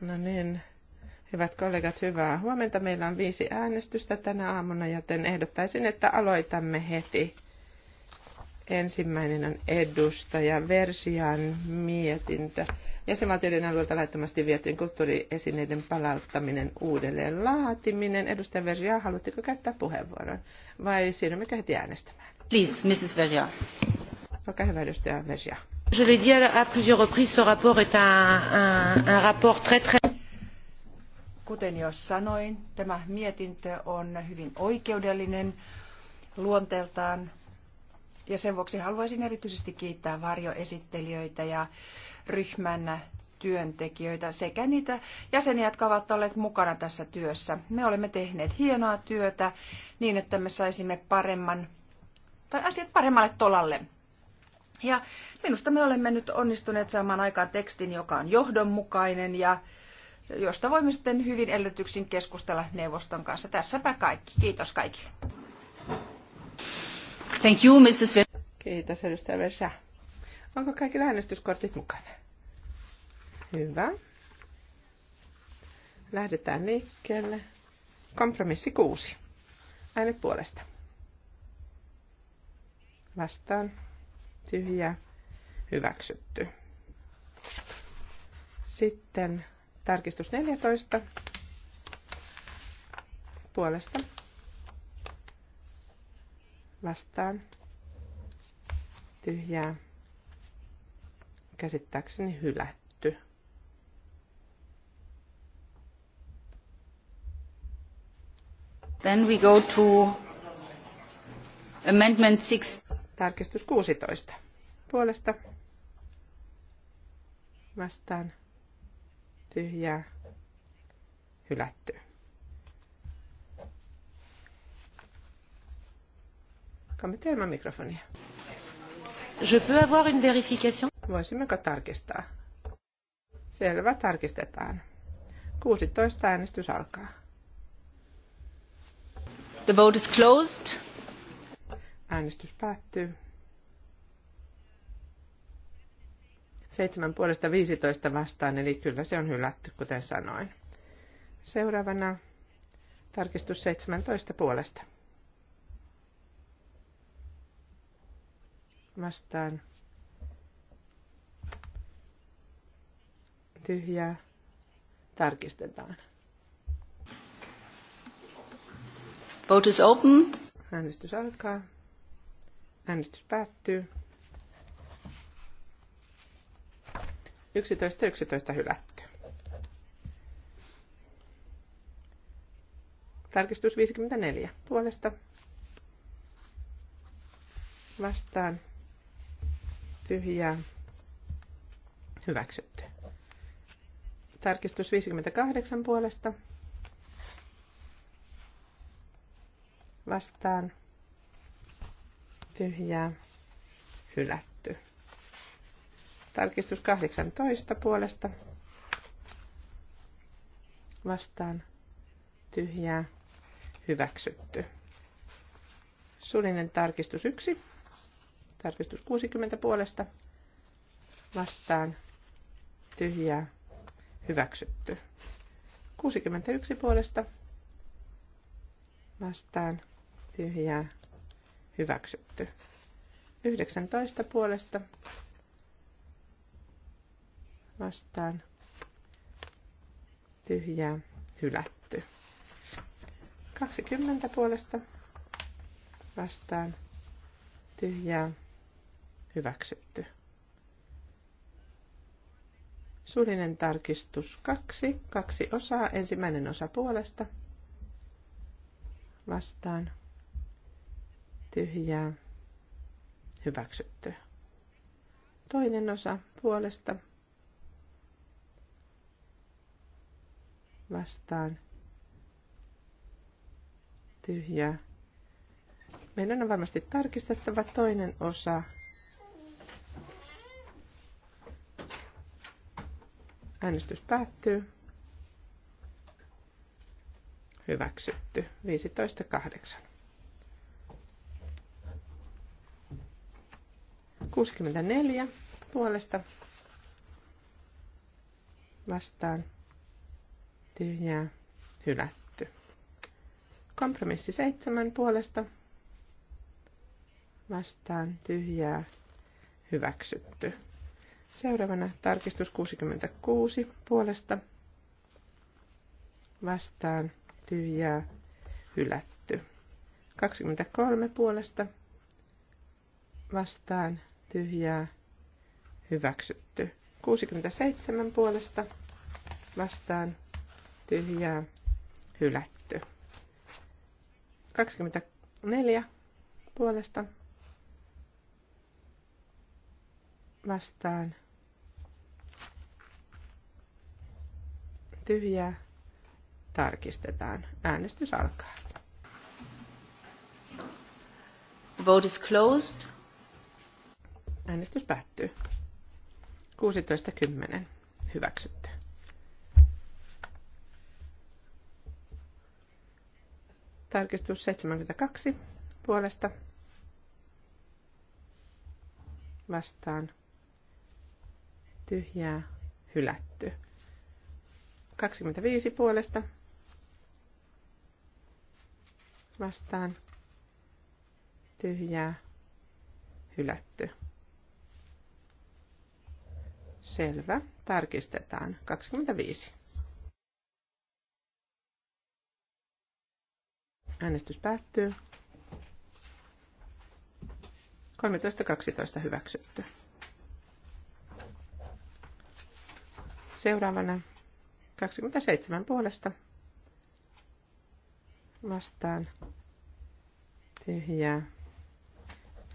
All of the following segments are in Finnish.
No niin, hyvät kollegat, hyvää huomenta. Meillä on viisi äänestystä tänä aamuna, joten ehdottaisin, että aloitamme heti. Ensimmäinen on edustaja Versian mietintö. Jäsenvaltioiden alueelta laittomasti vietyjen kulttuuriesineiden palauttaminen uudelleen laatiminen. Edustaja Verja, haluatteko käyttää puheenvuoron vai siirrymmekö heti äänestämään? Please, Mrs. Verja. Olkaa hyvä, edustaja Verja. Je l'ai dit à plusieurs reprises, ce rapport est un, un rapport très très Kuten jo sanoin, tämä mietintö on hyvin oikeudellinen luonteeltaan ja sen vuoksi haluaisin erityisesti kiittää varjoesittelijöitä ja ryhmän työntekijöitä sekä niitä jäseniä, jotka ovat olleet mukana tässä työssä. Me olemme tehneet hienoa työtä niin, että me saisimme paremman tai asiat paremmalle tolalle. Ja minusta me olemme nyt onnistuneet saamaan aikaan tekstin, joka on johdonmukainen ja josta voimme sitten hyvin edellytyksin keskustella neuvoston kanssa. Tässäpä kaikki. Kiitos kaikille. Thank you, Mrs. Kiitos, edustaja Versa. Onko kaikki äänestyskortit mukana? Hyvä. Lähdetään liikkeelle. Kompromissi kuusi. Äänet puolesta. Vastaan tyhjä hyväksytty. Sitten tarkistus 14 puolesta vastaan tyhjää käsittääkseni hylätty. Then we go to amendment 6. Tarkistus 16. Puolesta vastaan tyhjää hylätty. Kommentoimaan mikrofonia. Je peux avoir une vérification? Voisimmeko tarkistaa? Selvä, tarkistetaan. 16 äänestys alkaa. The vote is closed. Äänestys päättyy. 7 puolesta 15 vastaan, eli kyllä se on hylätty, kuten sanoin. Seuraavana tarkistus 17 puolesta. Vastaan tyhjää. Tarkistetaan. Vote is open. Äänestys alkaa. Äänestys päättyy. 11.11 11 hylätty. Tarkistus 54 puolesta. Vastaan. Tyhjää. Hyväksytty. Tarkistus 58 puolesta. Vastaan tyhjää, hylätty. Tarkistus 18 puolesta vastaan tyhjää, hyväksytty. Suullinen tarkistus 1, tarkistus 60 puolesta vastaan tyhjää, hyväksytty. 61 puolesta vastaan tyhjää, Hyväksytty. 19 puolesta vastaan tyhjää hylätty. 20 puolesta vastaan tyhjää hyväksytty. Suullinen tarkistus 2. Kaksi osaa. Ensimmäinen osa puolesta vastaan tyhjää, hyväksytty. Toinen osa puolesta vastaan, tyhjää. Meidän on varmasti tarkistettava toinen osa. Äänestys päättyy. Hyväksytty. 15.8. 64 puolesta vastaan tyhjää hylätty. Kompromissi 7 puolesta vastaan tyhjää hyväksytty. Seuraavana tarkistus 66 puolesta vastaan tyhjää hylätty. 23 puolesta vastaan tyhjää hyväksytty. 67 puolesta vastaan tyhjää hylätty. 24 puolesta vastaan tyhjää tarkistetaan. Äänestys alkaa. Vote is closed. Äänestys päättyy. 16.10. Hyväksytty. Tarkistus 72 puolesta vastaan tyhjää hylätty. 25 puolesta vastaan tyhjää hylätty. Selvä. Tarkistetaan. 25. Äänestys päättyy. 13.12 hyväksytty. Seuraavana 27 puolesta vastaan tyhjää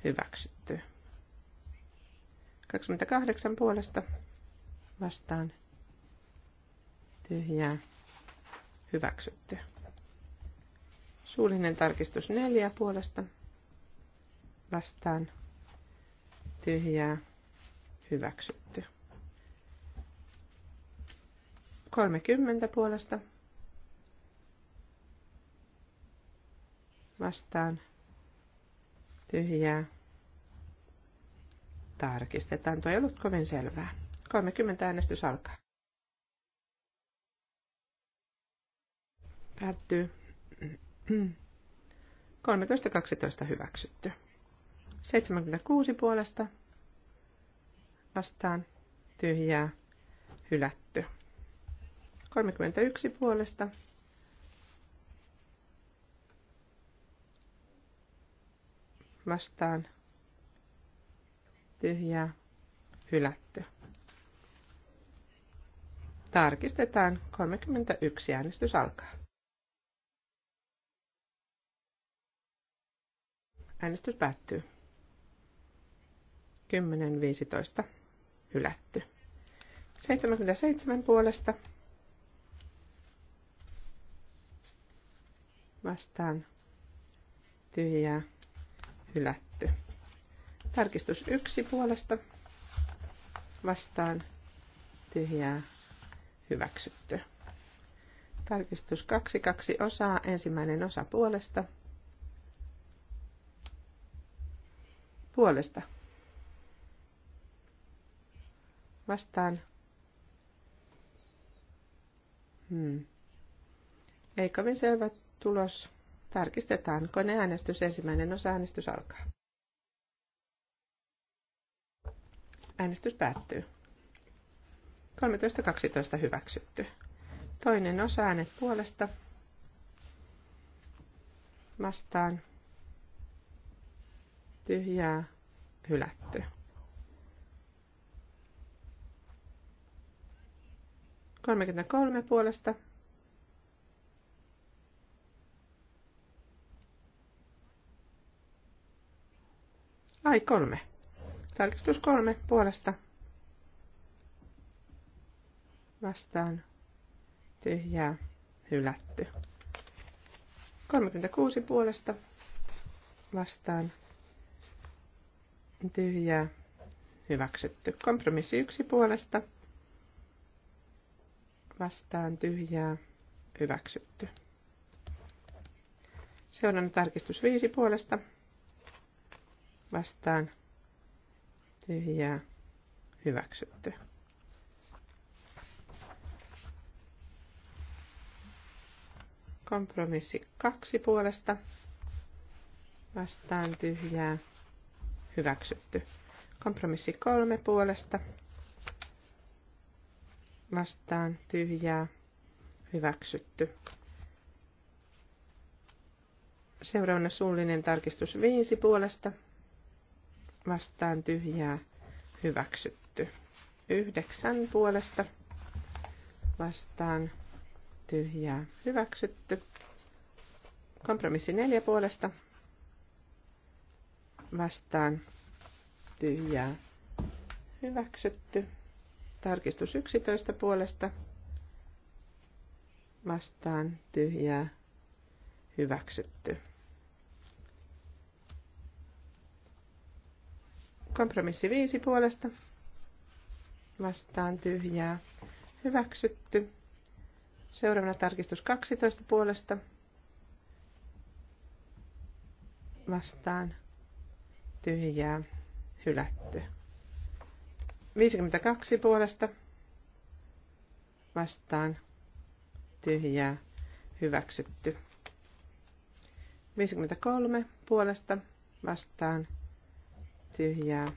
hyväksytty. 28 puolesta vastaan tyhjää hyväksytty. Suullinen tarkistus neljä puolesta vastaan tyhjää hyväksytty. 30 puolesta vastaan tyhjää. Tarkistetaan, tuo ei ollut kovin selvää. 30 äänestys alkaa. Päättyy. 13.12 hyväksytty. 76 puolesta vastaan tyhjää hylätty. 31 puolesta vastaan tyhjää hylätty. Tarkistetaan. 31 äänestys alkaa. Äänestys päättyy. 10.15. Hylätty. 77 puolesta. Vastaan. Tyhjää. Hylätty. Tarkistus 1 puolesta. Vastaan. Tyhjää hyväksytty. Tarkistus 2, osaa, ensimmäinen osa puolesta. Puolesta. Vastaan. Hmm. Ei kovin selvä tulos. Tarkistetaan koneäänestys. Ensimmäinen osa äänestys alkaa. Äänestys päättyy. 13.12 hyväksytty. Toinen osa äänet puolesta vastaan tyhjää hylätty. 33 puolesta Ai kolme. Tarkistus kolme puolesta vastaan tyhjää hylätty. 36 puolesta vastaan tyhjää hyväksytty. Kompromissi 1 puolesta vastaan tyhjää hyväksytty. seuraava tarkistus 5 puolesta vastaan tyhjää hyväksytty. Kompromissi kaksi puolesta. Vastaan tyhjää. Hyväksytty. Kompromissi kolme puolesta. Vastaan tyhjää. Hyväksytty. Seuraavana suullinen tarkistus viisi puolesta. Vastaan tyhjää. Hyväksytty. Yhdeksän puolesta. Vastaan tyhjää hyväksytty. Kompromissi neljä puolesta vastaan tyhjää hyväksytty. Tarkistus 11 puolesta vastaan tyhjää hyväksytty. Kompromissi 5 puolesta vastaan tyhjää hyväksytty. Seuraavana tarkistus 12 puolesta. Vastaan. Tyhjää. Hylätty. 52 puolesta. Vastaan. Tyhjää. Hyväksytty. 53 puolesta. Vastaan. Tyhjää.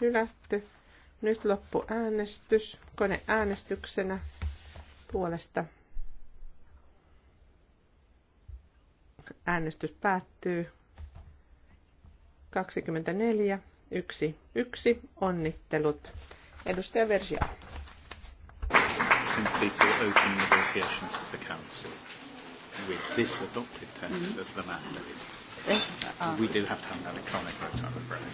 Hylätty. Nyt loppuäänestys koneäänestyksenä puolesta Äänestys päättyy. 24, 1, 1. Onnittelut. Edustaja Versia. Simply to open negotiations with the council with this adopted text mm. as the mandate. We do have to have an electronic vote, I'm afraid.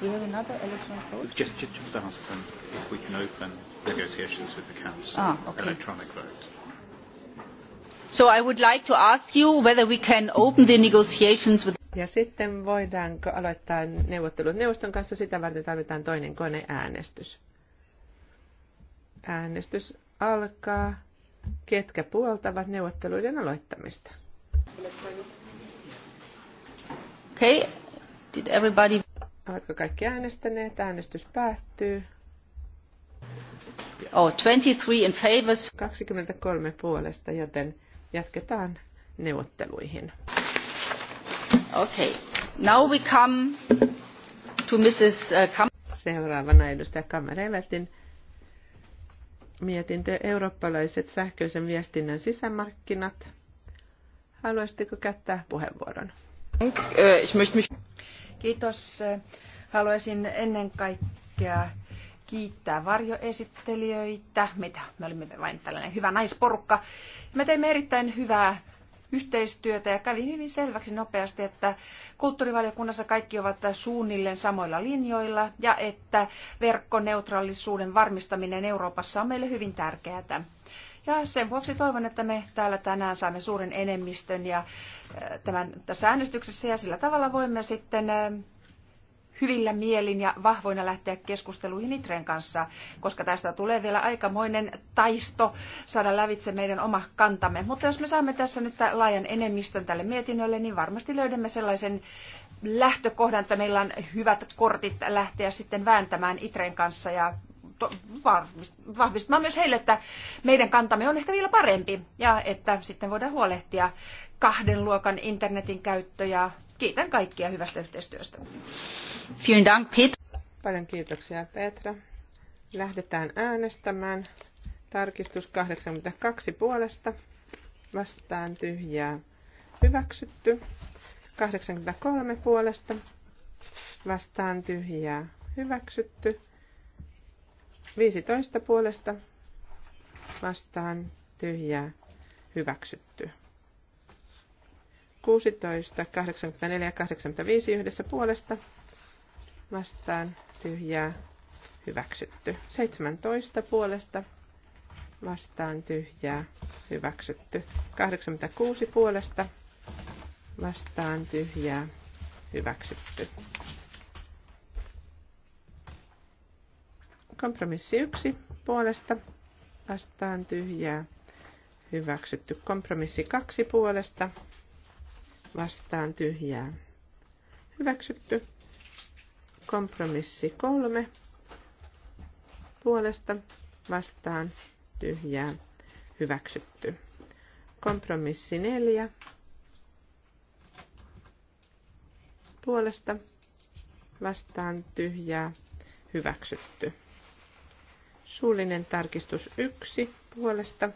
Do you have another electronic vote? Just, just, just ask them if we can open negotiations with the council. Ah, okay. Electronic vote. So I would like to ask you whether we can open the negotiations with ja sitten voidaanko aloittaa neuvottelut neuvoston kanssa, sitä varten tarvitaan toinen koneäänestys. Äänestys alkaa. Ketkä puoltavat neuvotteluiden aloittamista? Okay. Did everybody... Ovatko kaikki äänestäneet? Äänestys päättyy. Oh, 23 in favors. 23 puolesta, joten jatketaan neuvotteluihin. Okay. Now we come to Mrs. Uh, Kam- Seuraavana edustaja Kammerevertin mietintö Eurooppalaiset sähköisen viestinnän sisämarkkinat. Haluaisitko käyttää puheenvuoron? Äh, Kiitos. Äh, haluaisin ennen kaikkea kiittää varjoesittelijöitä. Mitä? Me olimme vain tällainen hyvä naisporukka. Me teimme erittäin hyvää yhteistyötä ja kävi hyvin selväksi nopeasti, että kulttuurivaliokunnassa kaikki ovat suunnilleen samoilla linjoilla ja että verkkoneutraalisuuden varmistaminen Euroopassa on meille hyvin tärkeää. Ja sen vuoksi toivon, että me täällä tänään saamme suuren enemmistön ja eh, tämän tässä äänestyksessä ja sillä tavalla voimme sitten eh, hyvillä mielin ja vahvoina lähteä keskusteluihin Itren kanssa, koska tästä tulee vielä aikamoinen taisto saada lävitse meidän oma kantamme. Mutta jos me saamme tässä nyt laajan enemmistön tälle mietinnölle, niin varmasti löydämme sellaisen lähtökohdan, että meillä on hyvät kortit lähteä sitten vääntämään Itren kanssa ja vahvistamaan myös heille, että meidän kantamme on ehkä vielä parempi ja että sitten voidaan huolehtia kahden luokan internetin käyttö ja Kiitän kaikkia hyvästä yhteistyöstä. Vielen Dank, Pet- Paljon kiitoksia, Petra. Lähdetään äänestämään. Tarkistus 82 puolesta. Vastaan tyhjää. Hyväksytty. 83 puolesta. Vastaan tyhjää. Hyväksytty. 15 puolesta. Vastaan tyhjää. Hyväksytty. 16, 84 ja 85 yhdessä puolesta vastaan tyhjää hyväksytty. 17 puolesta vastaan tyhjää hyväksytty. 86 puolesta vastaan tyhjää hyväksytty. Kompromissi 1 puolesta vastaan tyhjää hyväksytty. Kompromissi 2 puolesta vastaan tyhjää. Hyväksytty. Kompromissi kolme puolesta vastaan tyhjää. Hyväksytty. Kompromissi neljä puolesta vastaan tyhjää. Hyväksytty. Suullinen tarkistus yksi puolesta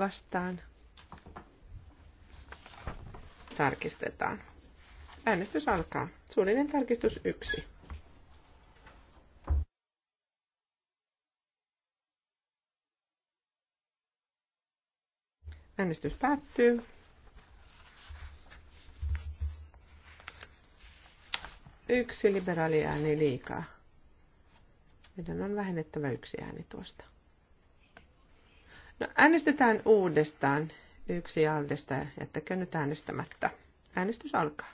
vastaan. Tarkistetaan. Äänestys alkaa. Suullinen tarkistus 1. Äänestys päättyy. Yksi liberaali ääni liikaa. Meidän on vähennettävä yksi ääni tuosta. No, äänestetään uudestaan yksi aldesta jättäkö nyt äänestämättä. Äänestys alkaa.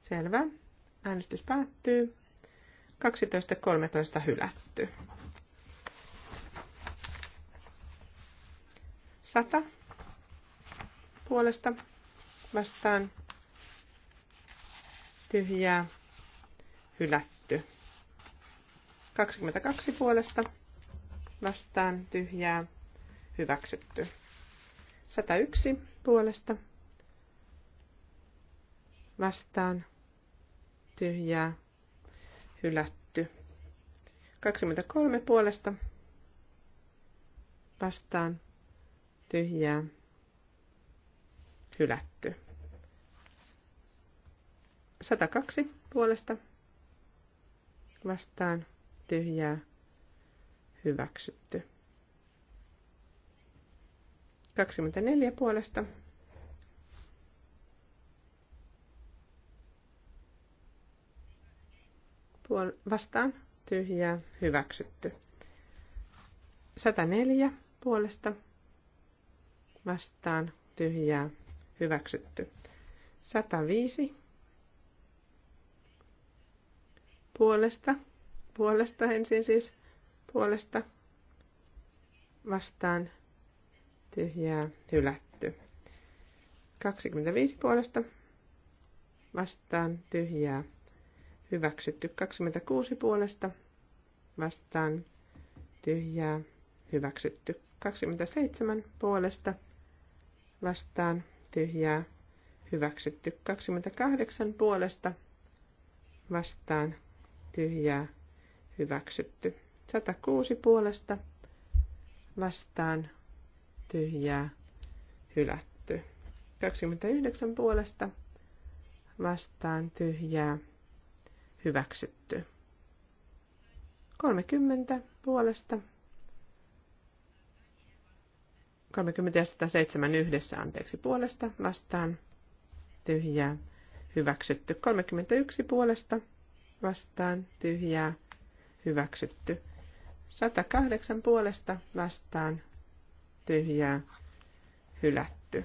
Selvä. Äänestys päättyy. 12.13 hylätty. 100 puolesta vastaan tyhjää, hylätty. 22 puolesta vastaan tyhjää, hyväksytty. 101 puolesta vastaan tyhjää, hylätty. 23 puolesta vastaan tyhjää, hylätty. 102 puolesta vastaan tyhjää hyväksytty. 24 puolesta puol- vastaan tyhjää hyväksytty. 104 puolesta vastaan tyhjää hyväksytty. 105 puolesta, puolesta ensin siis, puolesta vastaan tyhjää hylätty. 25 puolesta vastaan tyhjää hyväksytty. 26 puolesta vastaan tyhjää hyväksytty. 27 puolesta vastaan tyhjää hyväksytty. 28 puolesta vastaan tyhjää hyväksytty. 106 puolesta vastaan tyhjää hylätty. 29 puolesta vastaan tyhjää hyväksytty. 30 puolesta 30 ja 107 yhdessä anteeksi puolesta vastaan tyhjää hyväksytty. 31 puolesta vastaan tyhjää hyväksytty. 108 puolesta vastaan tyhjää hylätty.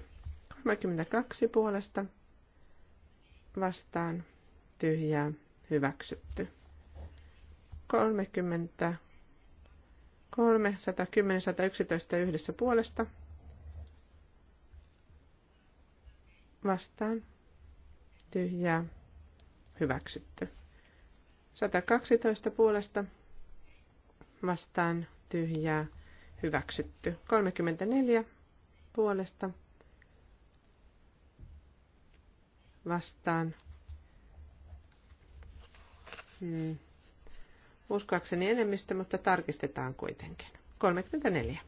32 puolesta vastaan tyhjää hyväksytty. 30 3, 110, 111 yhdessä puolesta vastaan tyhjää hyväksytty. 112 puolesta vastaan tyhjää hyväksytty. 34 puolesta vastaan. Hmm. Uskoakseni enemmistö, mutta tarkistetaan kuitenkin. 34.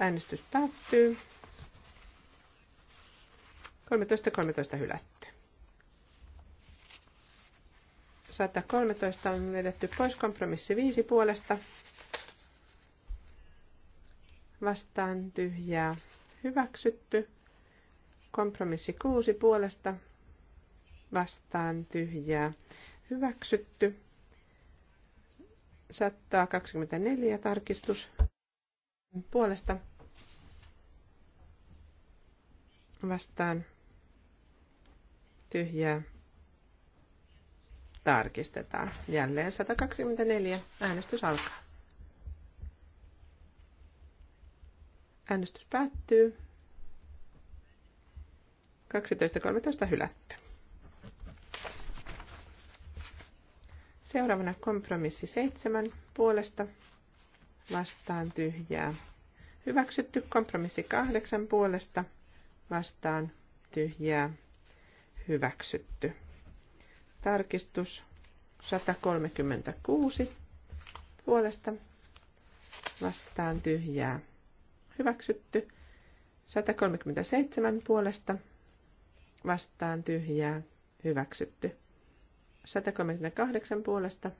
Äänestys päättyy. 13, 13 hylätty. 113 on vedetty pois kompromissi 5 puolesta. Vastaan tyhjää hyväksytty. Kompromissi 6 puolesta. Vastaan tyhjää hyväksytty. 124 tarkistus puolesta vastaan tyhjää. Tarkistetaan. Jälleen 124. Äänestys alkaa. Äänestys päättyy. 12.13 hylätty. Seuraavana kompromissi 7 puolesta vastaan tyhjää. Hyväksytty kompromissi 8 puolesta vastaan tyhjää hyväksytty. Tarkistus 136 puolesta vastaan tyhjää hyväksytty. 137 puolesta vastaan tyhjää hyväksytty. 138 puolesta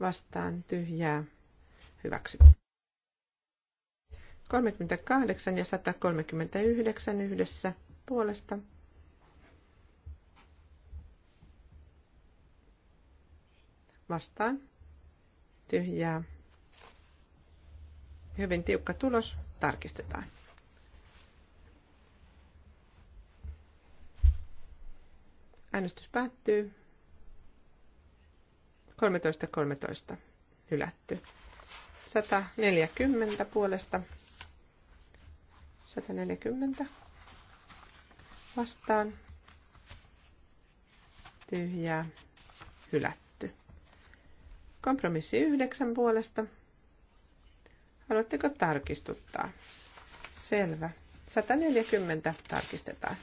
vastaan tyhjää hyväksytty. 38 ja 139 yhdessä puolesta. Vastaan. Tyhjää. Hyvin tiukka tulos. Tarkistetaan. Äänestys päättyy. 13.13. Hylätty. 140 puolesta. 140 vastaan. Tyhjää. Hylätty. Kompromissi yhdeksän puolesta. Haluatteko tarkistuttaa? Selvä. 140 tarkistetaan.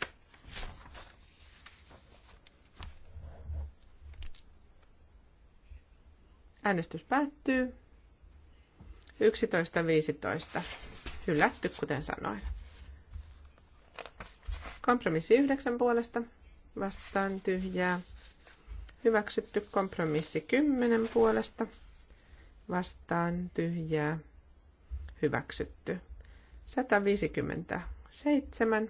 Äänestys päättyy. 11.15. Hylätty, kuten sanoin. Kompromissi yhdeksän puolesta vastaan tyhjää. Hyväksytty kompromissi kymmenen puolesta vastaan tyhjää. Hyväksytty. 157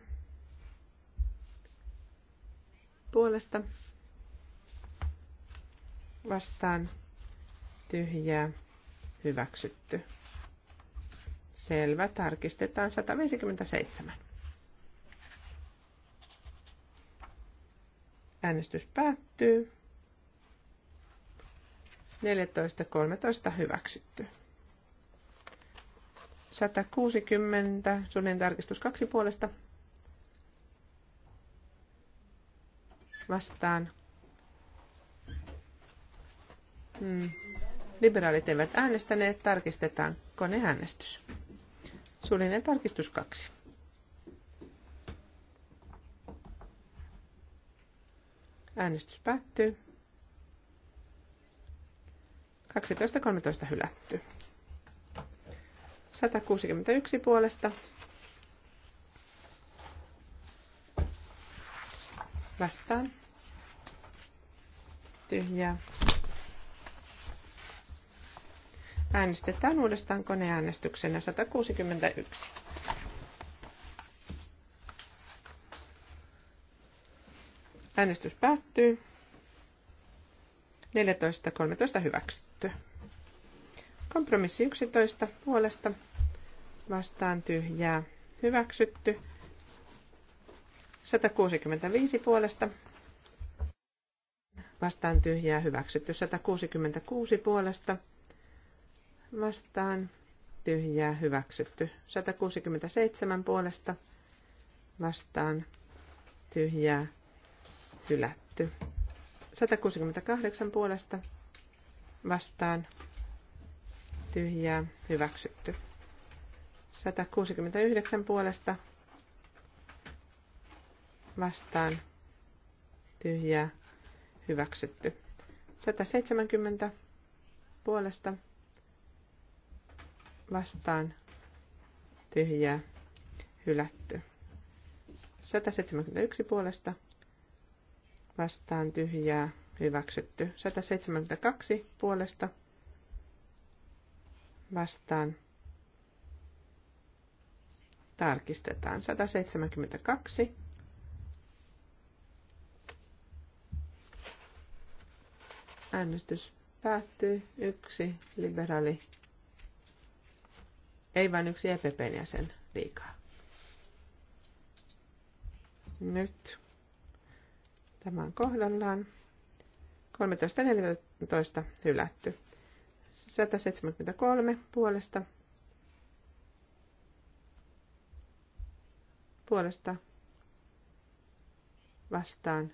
puolesta vastaan tyhjää. Hyväksytty. Selvä, tarkistetaan 157. Äänestys päättyy. 14.13 hyväksytty. 160, suunnilleen tarkistus kaksi puolesta. Vastaan. Hmm. Liberaalit eivät äänestäneet, tarkistetaan koneäänestys. Suullinen tarkistus kaksi. Äänestys päättyy. 12.13 hylätty. 161 puolesta. Vastaan. Tyhjää. Äänestetään uudestaan koneäänestyksenä 161. Äänestys päättyy. 14.13 hyväksytty. Kompromissi 11 puolesta vastaan tyhjää hyväksytty. 165 puolesta vastaan tyhjää hyväksytty. 166 puolesta vastaan tyhjää hyväksytty. 167 puolesta vastaan tyhjää hylätty. 168 puolesta vastaan tyhjää hyväksytty. 169 puolesta vastaan tyhjää hyväksytty. 170 puolesta vastaan tyhjää hylätty. 171 puolesta vastaan vastaan tyhjää hyväksytty. 172 puolesta vastaan tarkistetaan. 172 äänestys päättyy. Yksi liberaali, ei vain yksi EPPn jäsen liikaa. Nyt Tämä on kohdallaan. 13.14 hylätty. 173 puolesta. Puolesta vastaan.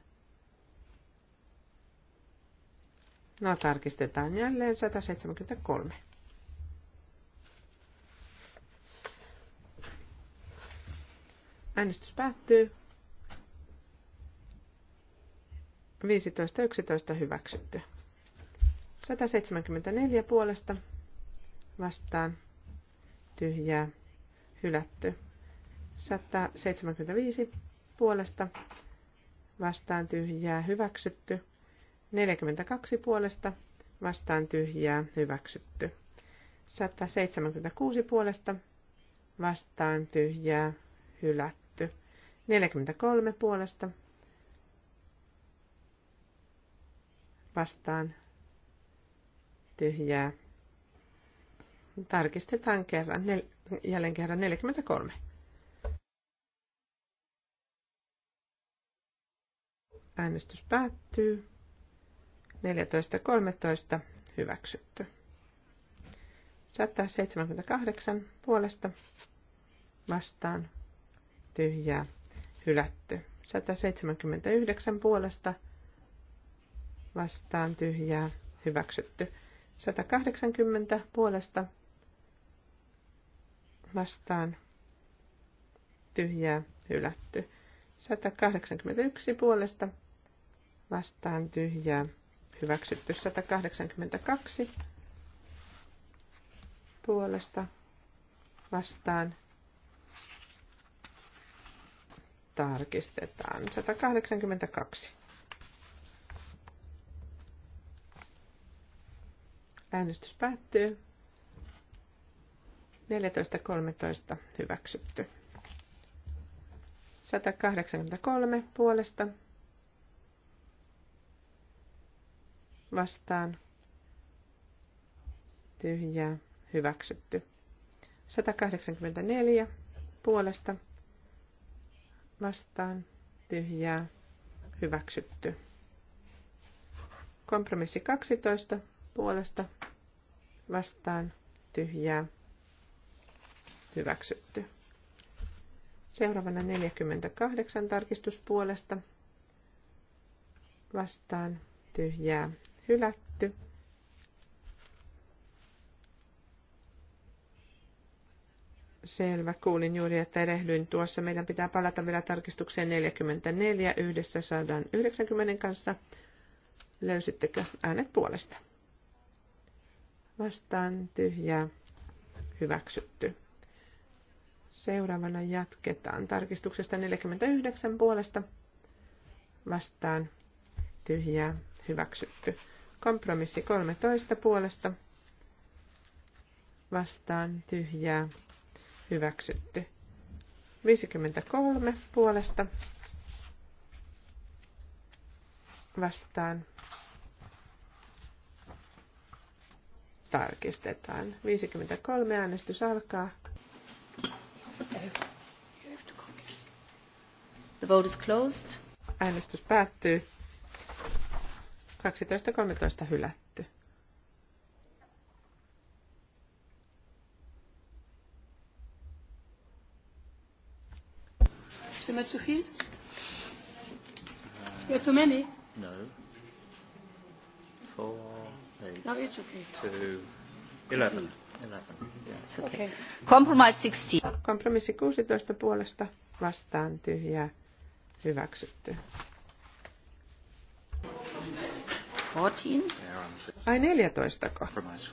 No tarkistetaan jälleen 173. Äänestys päättyy. 15.11 hyväksytty. 174 puolesta vastaan tyhjää hylätty. 175 puolesta vastaan tyhjää hyväksytty. 42 puolesta vastaan tyhjää hyväksytty. 176 puolesta vastaan tyhjää hylätty. 43 puolesta vastaan tyhjää. Tarkistetaan kerran, nel, jälleen kerran 43. Äänestys päättyy. 14.13. Hyväksytty. 178 puolesta vastaan tyhjää hylätty. 179 puolesta vastaan tyhjää hyväksytty. 180 puolesta vastaan tyhjää hylätty. 181 puolesta vastaan tyhjää hyväksytty. 182 puolesta vastaan tarkistetaan. 182. Äänestys päättyy. 14.13 hyväksytty. 183 puolesta vastaan tyhjää hyväksytty. 184 puolesta vastaan tyhjää hyväksytty. Kompromissi 12 puolesta vastaan tyhjää hyväksytty. Seuraavana 48 tarkistuspuolesta vastaan tyhjää hylätty. Selvä, kuulin juuri, että erehdyin tuossa. Meidän pitää palata vielä tarkistukseen 44 yhdessä 190 kanssa. Löysittekö äänet puolesta? vastaan tyhjää hyväksytty. Seuraavana jatketaan tarkistuksesta 49 puolesta vastaan tyhjää hyväksytty. Kompromissi 13 puolesta vastaan tyhjää hyväksytty. 53 puolesta vastaan tarkistetaan. 53 äänestys alkaa. The vote is closed. Äänestys päättyy. 12.13 hylätty. too many? No. Four. 16. No, Kompromissi 16 puolesta vastaan tyhjää hyväksytty. 14? Ai 14 Kompromissi.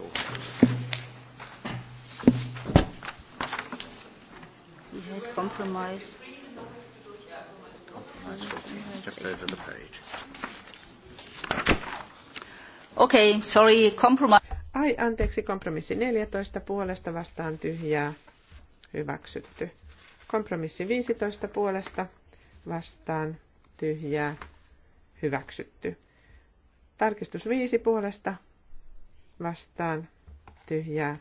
Compromise. Compromise just over the page. Okay, sorry, compromise. Ai, anteeksi, kompromissi 14 puolesta vastaan tyhjää hyväksytty. Kompromissi 15 puolesta vastaan tyhjää hyväksytty. Tarkistus 5 puolesta vastaan tyhjää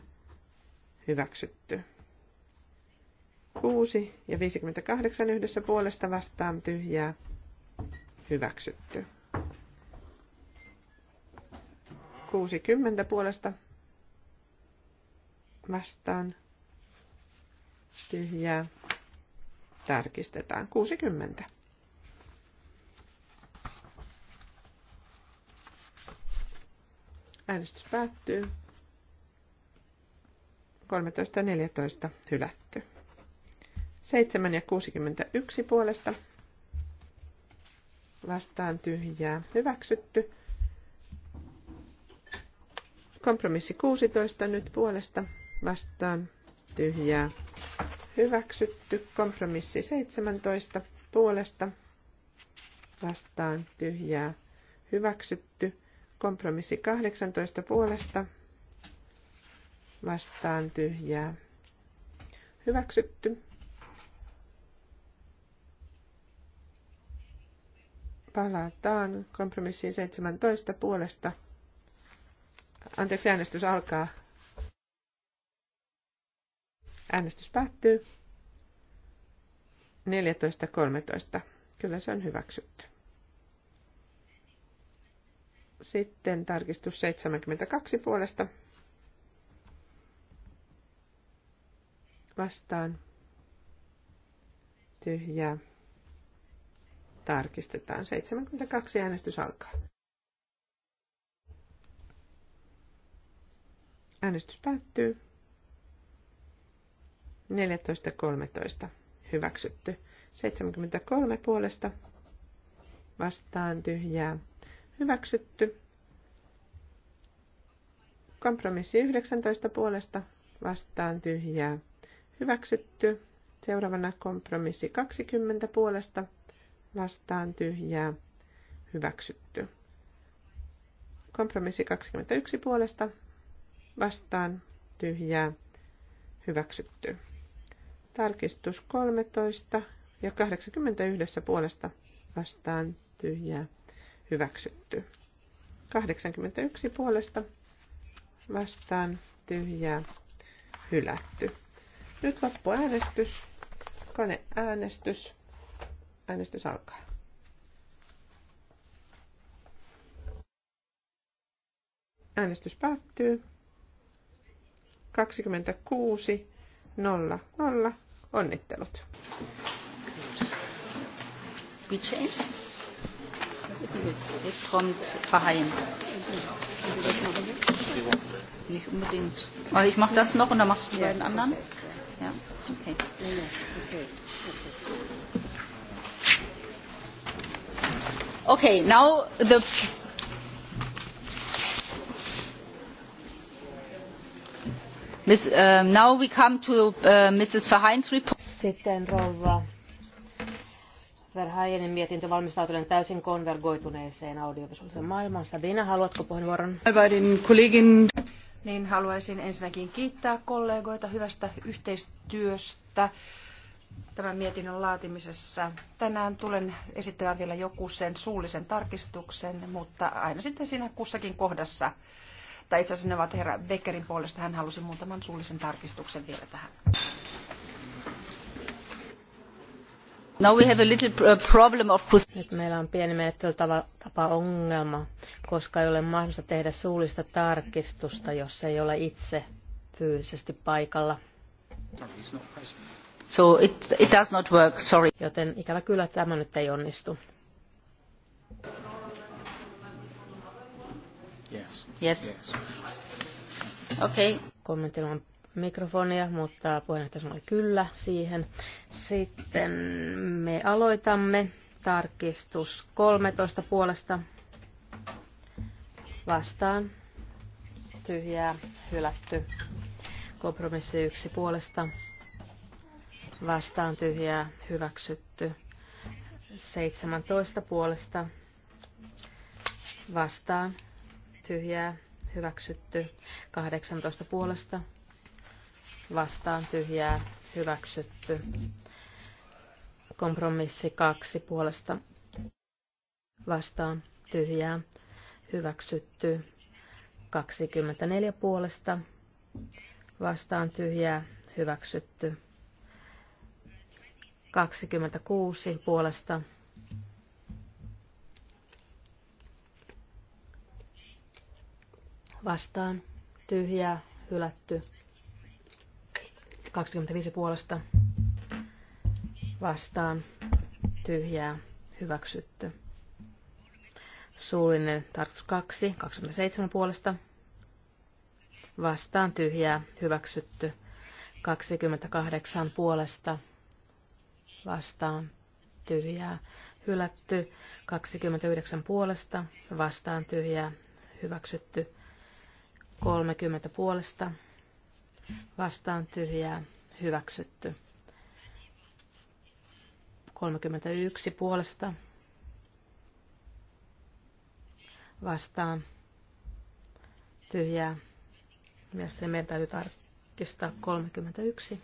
hyväksytty. 6 ja 58 yhdessä puolesta vastaan tyhjää hyväksytty. 60 puolesta vastaan tyhjää. Tarkistetaan 60. Äänestys päättyy. 13.14 hylätty. 7 ja 61 puolesta vastaan tyhjää hyväksytty. Kompromissi 16 nyt puolesta vastaan tyhjää. Hyväksytty. Kompromissi 17 puolesta vastaan tyhjää. Hyväksytty. Kompromissi 18 puolesta vastaan tyhjää. Hyväksytty. Palataan kompromissiin 17 puolesta Anteeksi, äänestys alkaa. Äänestys päättyy. 14.13. Kyllä se on hyväksytty. Sitten tarkistus 72 puolesta. Vastaan. Tyhjää. Tarkistetaan. 72 äänestys alkaa. Äänestys päättyy. 14.13. Hyväksytty. 73 puolesta vastaan tyhjää. Hyväksytty. Kompromissi 19 puolesta vastaan tyhjää. Hyväksytty. Seuraavana kompromissi 20 puolesta vastaan tyhjää. Hyväksytty. Kompromissi 21 puolesta vastaan tyhjää hyväksytty. Tarkistus 13 ja 81 puolesta vastaan tyhjää hyväksytty. 81 puolesta vastaan tyhjää hylätty. Nyt loppuäänestys, koneäänestys. Äänestys alkaa. Äänestys päättyy. 26 0 0. Onnittelut. Bitte. Jetzt kommt Verheim. Nicht unbedingt. Aber ich mache das noch und dann machst du die beiden anderen. Ja, okay. Okay, now the Um, uh, sitten rouva Verhaajenin mietintö valmistautuneen täysin konvergoituneeseen audiovisuaaliseen maailmaan. Sabina, haluatko puheenvuoron? Niin haluaisin ensinnäkin kiittää kollegoita hyvästä yhteistyöstä tämän mietinnön laatimisessa. Tänään tulen esittämään vielä joku sen suullisen tarkistuksen, mutta aina sitten siinä kussakin kohdassa tai itse asiassa ne ovat herra Beckerin puolesta, hän halusi muutaman suullisen tarkistuksen vielä tähän. Now we have a little problem of... Nyt meillä on pieni menettelytapa ongelma, koska ei ole mahdollista tehdä suullista tarkistusta, jos ei ole itse fyysisesti paikalla. So it, it does not work, sorry. Joten ikävä kyllä tämä nyt ei onnistu. Yes. Yes. yes. Okay. Kommentoimaan mikrofonia, mutta puheenjohtaja sanoi kyllä siihen. Sitten me aloitamme. Tarkistus 13 puolesta vastaan. Tyhjää, hylätty. Kompromissi 1 puolesta vastaan tyhjää, hyväksytty. 17 puolesta vastaan tyhjää, hyväksytty. 18 puolesta vastaan tyhjää, hyväksytty. Kompromissi 2 puolesta vastaan tyhjää, hyväksytty. 24 puolesta vastaan tyhjää, hyväksytty. 26 puolesta vastaan tyhjää hylätty 25 puolesta vastaan tyhjää hyväksytty. Suullinen tarkoitus 2, 27 puolesta vastaan tyhjää hyväksytty 28 puolesta vastaan tyhjää hylätty 29 puolesta vastaan tyhjää hyväksytty 30 puolesta vastaan tyhjää hyväksytty. 31 puolesta vastaan tyhjää. Myös se meidän täytyy tarkistaa 31.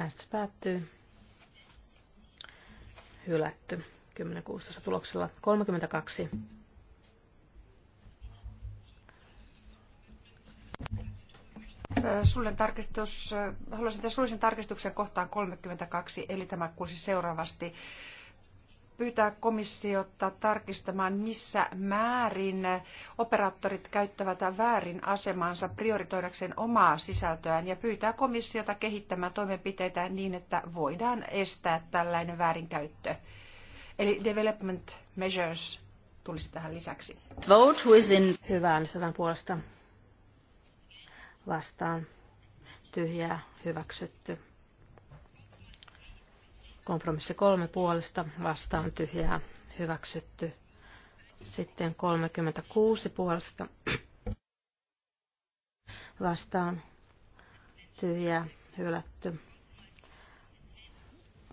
Äänestys päättyy. Hylätty. 10.16. tuloksella 32. Sullen tarkistus, haluaisin tehdä suullisen tarkistuksen kohtaan 32, eli tämä kuusi seuraavasti. Pyytää komissiota tarkistamaan, missä määrin operaattorit käyttävät väärin asemansa prioritoidakseen omaa sisältöään ja pyytää komissiota kehittämään toimenpiteitä niin, että voidaan estää tällainen väärinkäyttö. Eli development measures tulisi tähän lisäksi. Vote who is in. Hyvä äänestetään puolesta. Vastaan. Tyhjää. Hyväksytty. Kompromissi kolme puolesta. Vastaan. Tyhjää. Hyväksytty. Sitten 36 puolesta. Vastaan. Tyhjää. Hylätty.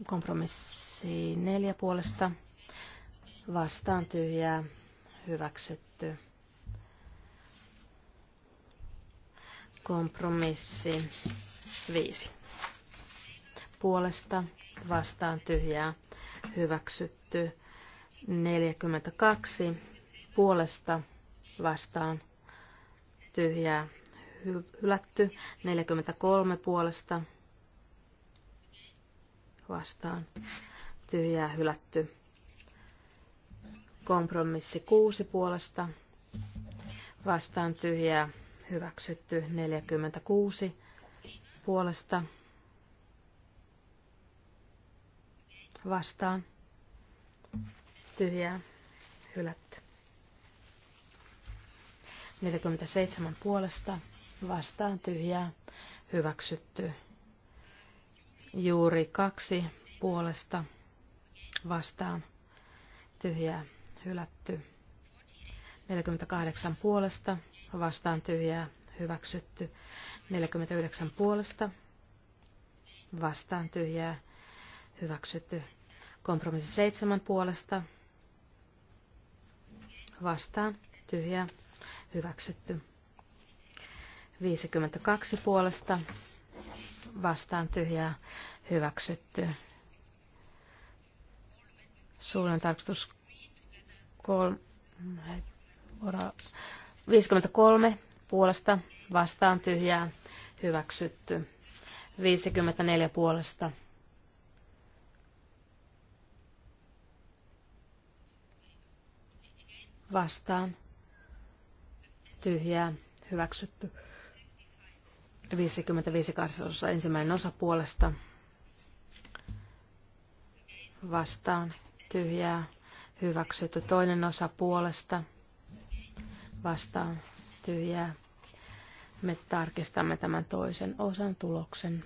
Kompromissi Kompromissi neljä puolesta vastaan tyhjää hyväksytty. Kompromissi viisi puolesta vastaan tyhjää hyväksytty. 42 puolesta vastaan tyhjää hylätty. 43 puolesta vastaan tyhjää hylätty. Kompromissi kuusi puolesta vastaan tyhjää hyväksytty 46 puolesta vastaan tyhjää hylätty. 47 puolesta vastaan tyhjää hyväksytty. Juuri kaksi puolesta vastaan tyhjää hylätty. 48 puolesta vastaan tyhjää hyväksytty. 49 puolesta vastaan tyhjää hyväksytty. Kompromissi 7 puolesta vastaan tyhjää hyväksytty. 52 puolesta vastaan tyhjää hyväksytty. Suunnan tarkistus 53 puolesta vastaan tyhjää hyväksytty. 54 puolesta vastaan tyhjää hyväksytty. 55 karsossa ensimmäinen osa puolesta vastaan tyhjää hyväksytty. Toinen osa puolesta vastaan tyhjää. Me tarkistamme tämän toisen osan tuloksen.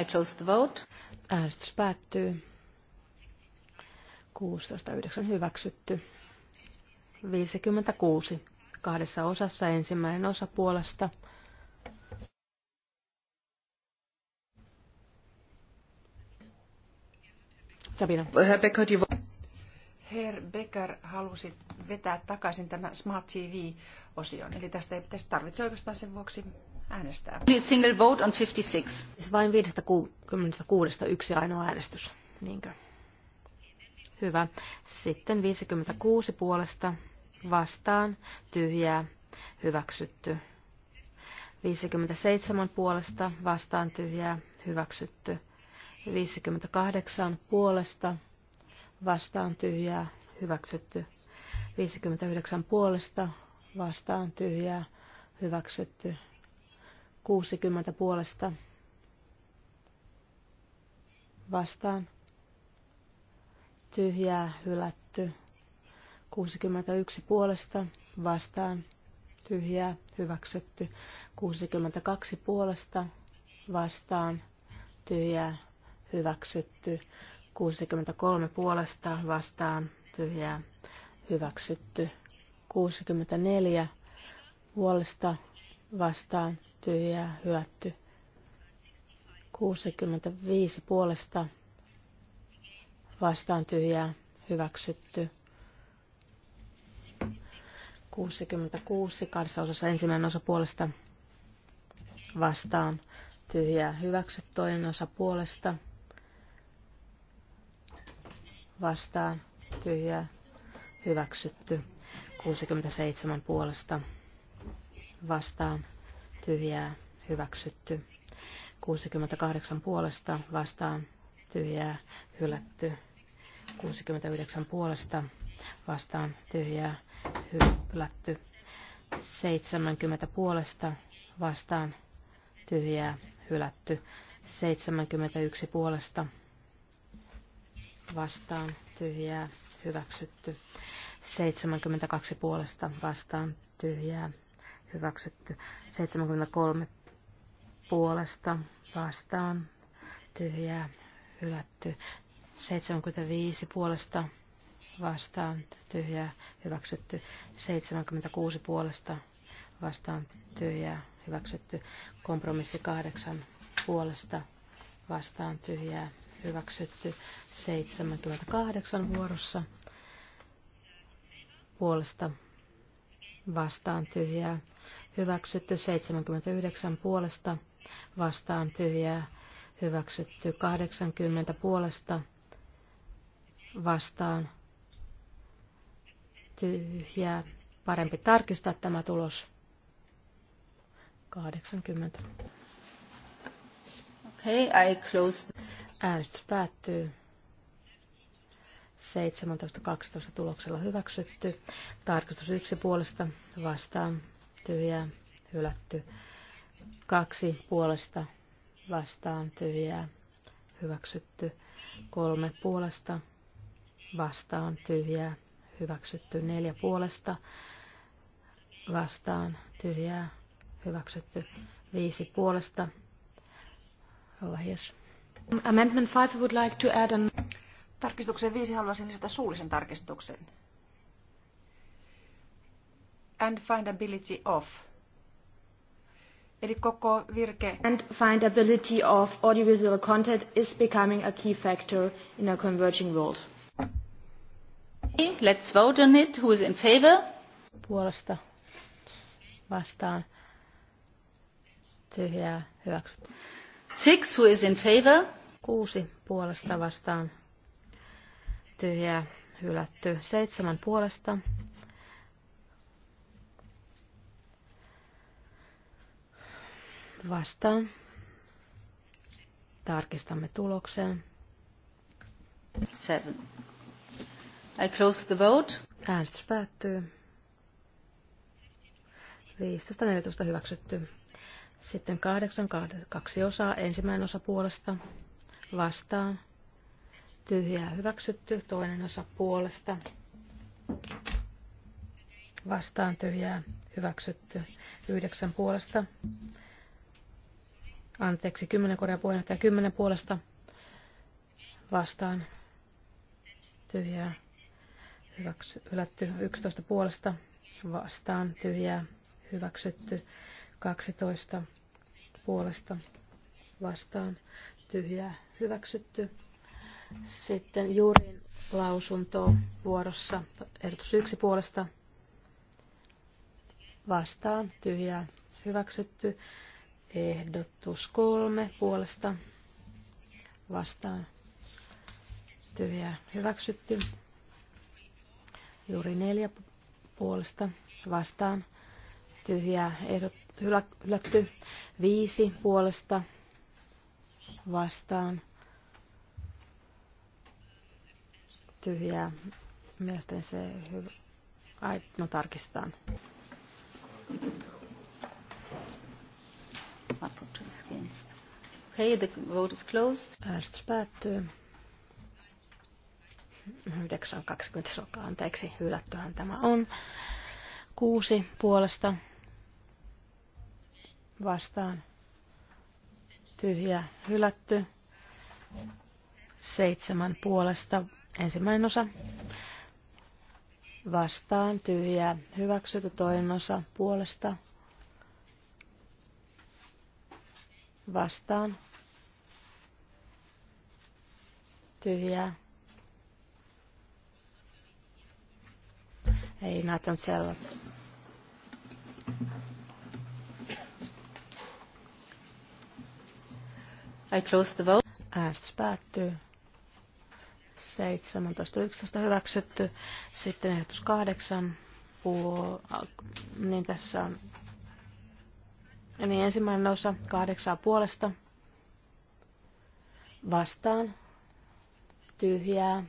I chose the vote. Äänestys päättyy. 16.9. hyväksytty. 56. Kahdessa osassa ensimmäinen osa puolesta Sabina. Herr Becker halusi vetää takaisin tämän Smart TV-osion, eli tästä ei pitäisi tarvitse oikeastaan sen vuoksi äänestää. Single vote on 56. Siis vain 56 yksi ainoa äänestys, niinkö? Hyvä. Sitten 56 puolesta vastaan tyhjää hyväksytty. 57 puolesta vastaan tyhjää hyväksytty. 58 puolesta vastaan tyhjää hyväksytty. 59 puolesta vastaan tyhjää hyväksytty. 60 puolesta vastaan tyhjää hylätty. 61 puolesta vastaan tyhjää hyväksytty. 62 puolesta vastaan tyhjää hyväksytty. 63 puolesta vastaan tyhjää hyväksytty. 64 puolesta vastaan tyhjää hylätty. 65 puolesta vastaan tyhjää hyväksytty. 66 kansanosassa ensimmäinen osa puolesta vastaan tyhjää hyväksytty, toinen osa puolesta vastaan tyhjää hyväksytty. 67 puolesta vastaan tyhjää hyväksytty. 68 puolesta vastaan tyhjää hylätty. 69 puolesta vastaan tyhjää hylätty. 70 puolesta vastaan tyhjää hylätty. 71 puolesta vastaan tyhjää hyväksytty. 72 puolesta vastaan tyhjää hyväksytty. 73 puolesta vastaan tyhjää hylätty. 75 puolesta vastaan tyhjää hyväksytty. 76 puolesta vastaan tyhjää hyväksytty. Kompromissi 8 puolesta vastaan tyhjää hyväksytty 7008 vuorossa puolesta vastaan tyhjää, hyväksytty 79 puolesta vastaan tyhjää, hyväksytty 80 puolesta vastaan tyhjää. Parempi tarkistaa tämä tulos. 80. Okay, I close. Äänestys päättyy. 17.12 tuloksella hyväksytty. Tarkastus yksi puolesta vastaan tyhjää hylätty. kaksi puolesta vastaan tyhjää hyväksytty. kolme puolesta vastaan tyhjää hyväksytty. neljä puolesta vastaan tyhjää hyväksytty. viisi puolesta. olla Hirsch. Amendment 5 would like to add an... Tarkistuksen 5 haluaisin lisätä suullisen tarkistuksen. And findability of. Eli koko virke. And findability of audiovisual content is becoming a key factor in a converging world. Let's vote on it. Who is in favor? Puolesta vastaan. Tyhjää hyväksytään. Six, who is in favor? 6 puolesta vastaan tyhjä hylätty. 7 puolesta vastaan. Tarkistamme tuloksen. Seven. I close the vote. Äänestys päättyy. 15.14 hyväksytty. Sitten kahdeksan, kaksi osaa. Ensimmäinen osa puolesta vastaan, tyhjää hyväksytty, toinen osa puolesta, vastaan tyhjää hyväksytty, yhdeksän puolesta, anteeksi, kymmenen korjaa puheenjohtaja, kymmenen puolesta, vastaan tyhjää hyväksy, hylätty, yksitoista puolesta, vastaan tyhjää hyväksytty, kaksitoista puolesta vastaan tyhjää hyväksytty. Sitten juurin lausunto vuorossa ehdotus yksi puolesta vastaan tyhjää hyväksytty. Ehdotus kolme puolesta vastaan tyhjää hyväksytty. Juuri neljä puolesta vastaan tyhjää ehdot, hylätty. Viisi puolesta vastaan tyhjää. Mielestäni se hyvä. Ai, no tarkistetaan. Okay, the vote is closed. Äänestys päättyy. 9.20 sokaa, anteeksi, hylättyhän tämä on. Kuusi puolesta vastaan tyhjä, hylätty. Seitsemän puolesta ensimmäinen osa vastaan tyhjä, hyväksytty toinen osa puolesta vastaan tyhjä, Ei näyttänyt sellaista. I close the vote. Äänestys päättyy. 17.11 hyväksytty. Sitten ehdotus 8. Puo, äh, niin tässä on niin ensimmäinen osa kahdeksaa puolesta. Vastaan. Tyhjää.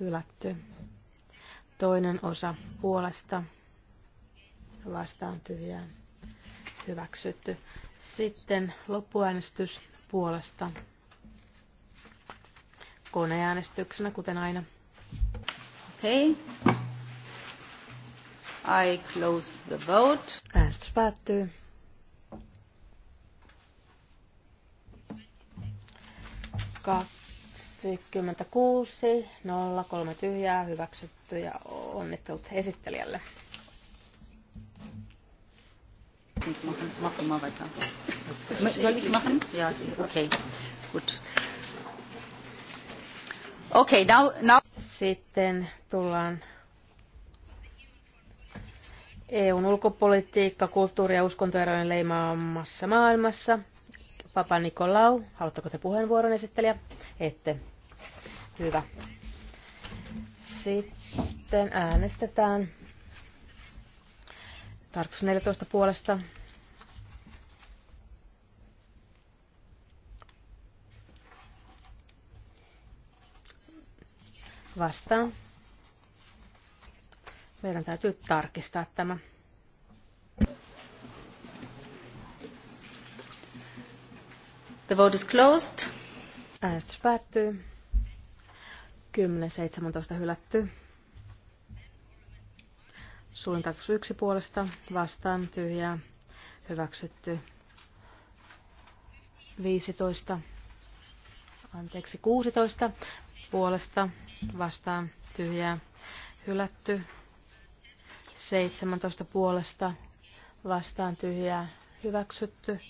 Hylätty. Toinen osa puolesta vastaan tyhjään hyväksytty. Sitten loppuäänestys puolesta koneäänestyksenä, kuten aina. Okei. Okay. I close the vote. Äänestys päättyy. 26, 0, tyhjää, hyväksytty ja onnittelut esittelijälle nicht machen. Mach immer weiter. Soll ich machen? Ja, okay. Gut. Okay, now, now. Sitten tullaan EUn ulkopolitiikka, kulttuuri- ja uskontoerojen leimaamassa maailmassa. Papa Nikolau, haluatteko te puheenvuoron esittelijä? Ette. Hyvä. Sitten äänestetään. Tartus 14 puolesta vastaan. Meidän täytyy tarkistaa tämä. The vote is closed. Äänestys päättyy. 10.17 hylätty. Suullinen yksi puolesta. Vastaan tyhjää. Hyväksytty. 15. Anteeksi, 16 puolesta vastaan tyhjää hylätty. 17 puolesta vastaan tyhjää hyväksytty.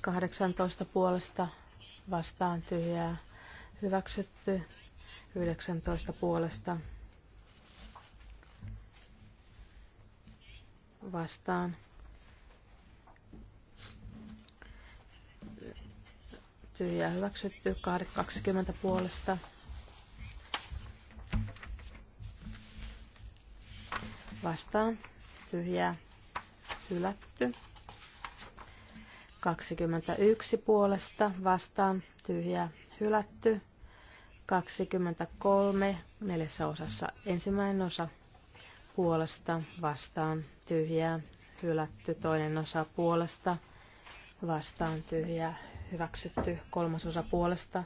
18 puolesta vastaan tyhjää hyväksytty. 19 puolesta vastaan. Tyhjää hyväksytty 20 puolesta vastaan tyhjää hylätty. 21 puolesta vastaan tyhjää hylätty. 23 neljässä osassa ensimmäinen osa puolesta vastaan tyhjää hylätty. Toinen osa puolesta vastaan tyhjää hyväksytty. Kolmas osa puolesta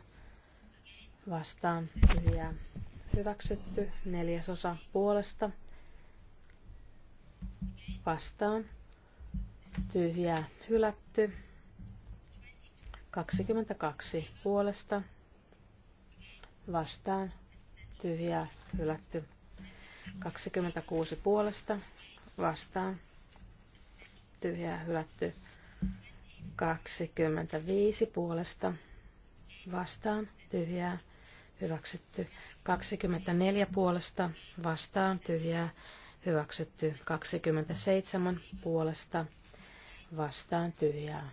vastaan tyhjää hyväksytty. Neljäs osa puolesta vastaan tyhjää hylätty. 22 puolesta vastaan tyhjää hylätty. 26 puolesta vastaan tyhjää hylätty. 25 puolesta vastaan tyhjää hyväksytty. 24 puolesta vastaan tyhjää Hyväksytty 27 puolesta vastaan tyhjää.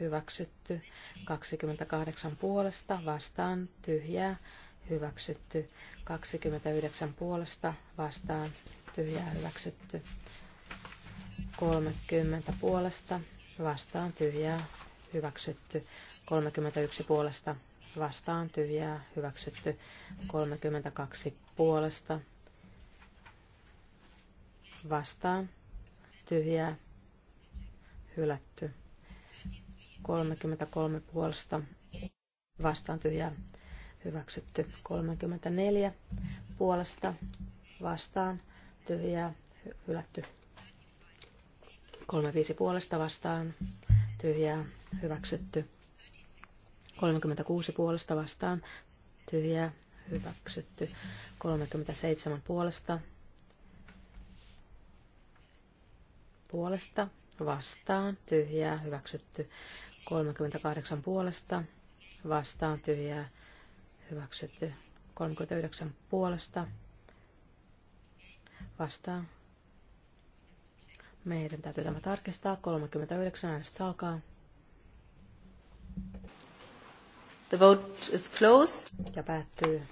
Hyväksytty 28 puolesta vastaan tyhjää. Hyväksytty 29 puolesta vastaan tyhjää. Hyväksytty 30 puolesta vastaan tyhjää. Hyväksytty 31 puolesta vastaan tyhjää. Hyväksytty 32 puolesta vastaan tyhjää hylätty. 33 puolesta vastaan tyhjää hyväksytty. 34 puolesta vastaan tyhjää hylätty. 35 puolesta vastaan tyhjää hyväksytty. 36 puolesta vastaan tyhjää hyväksytty. 37 puolesta puolesta, vastaan, tyhjää, hyväksytty. 38 puolesta, vastaan, tyhjää, hyväksytty. 39 puolesta, vastaan. Meidän täytyy tämä tarkistaa. 39 äänestys alkaa. The vote is closed. Ja päättyy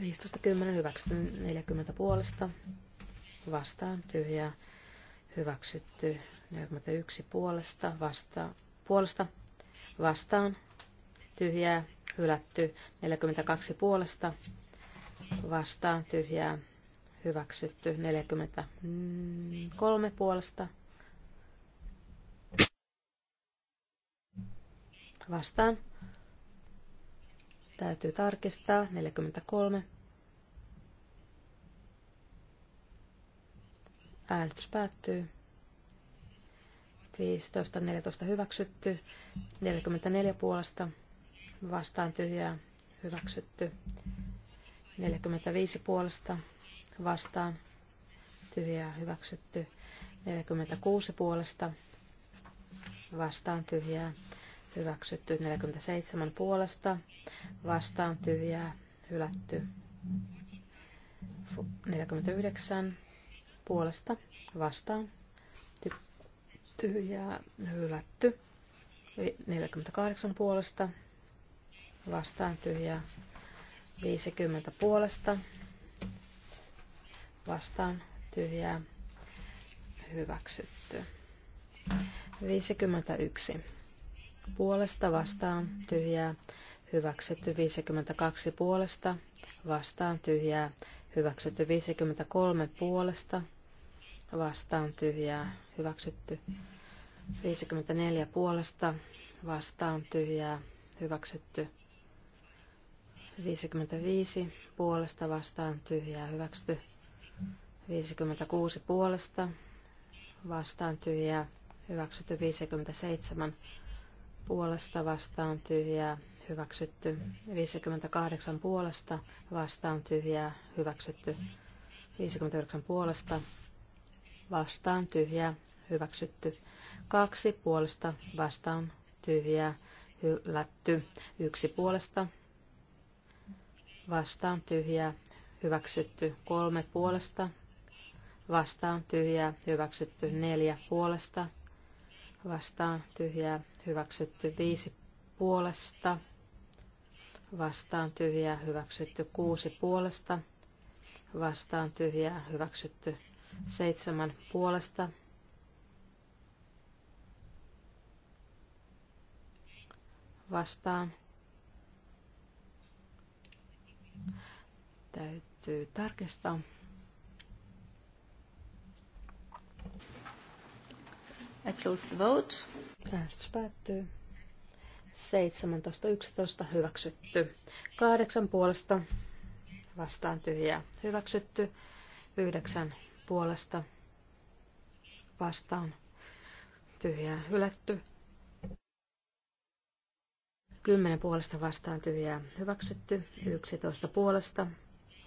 15.10 hyväksytty 40 puolesta vastaan tyhjää hyväksytty 41 puolesta vasta, puolesta vastaan tyhjää hylätty 42 puolesta vastaan tyhjää hyväksytty 43 puolesta vastaan täytyy tarkistaa 43 Äänestys päättyy. 15.14 hyväksytty, 44 puolesta vastaan tyhjää hyväksytty, 45 puolesta vastaan tyhjää hyväksytty, 46 puolesta vastaan tyhjää hyväksytty, 47 puolesta vastaan tyhjää hylätty, 49 puolesta vastaan tyhjää hylätty. 48 puolesta vastaan tyhjää. 50 puolesta vastaan tyhjää hyväksytty. 51 puolesta vastaan tyhjää hyväksytty. 52 puolesta vastaan tyhjää hyväksytty. 53 puolesta vastaan tyhjää hyväksytty. 54 puolesta vastaan tyhjää hyväksytty. 55 puolesta vastaan tyhjää hyväksytty. 56 puolesta vastaan tyhjää hyväksytty. 57 puolesta vastaan tyhjää hyväksytty. 58 puolesta vastaan tyhjää hyväksytty. 59 puolesta vastaan tyhjää hyväksytty. Kaksi puolesta vastaan tyhjää hylätty. Yksi puolesta vastaan tyhjää hyväksytty. Kolme puolesta vastaan tyhjää hyväksytty. Neljä puolesta vastaan tyhjää hyväksytty. Viisi puolesta vastaan tyhjää hyväksytty. Kuusi puolesta vastaan tyhjää hyväksytty. Seitsemän puolesta. Vastaan. Täytyy tarkistaa. I close the vote. Äänestys päättyy. 17.11 hyväksytty. Kahdeksan puolesta vastaan tyhjää hyväksytty. Yhdeksän puolesta vastaan tyhjää hylätty. kymmenen puolesta vastaan tyhjää hyväksytty, yksitoista puolesta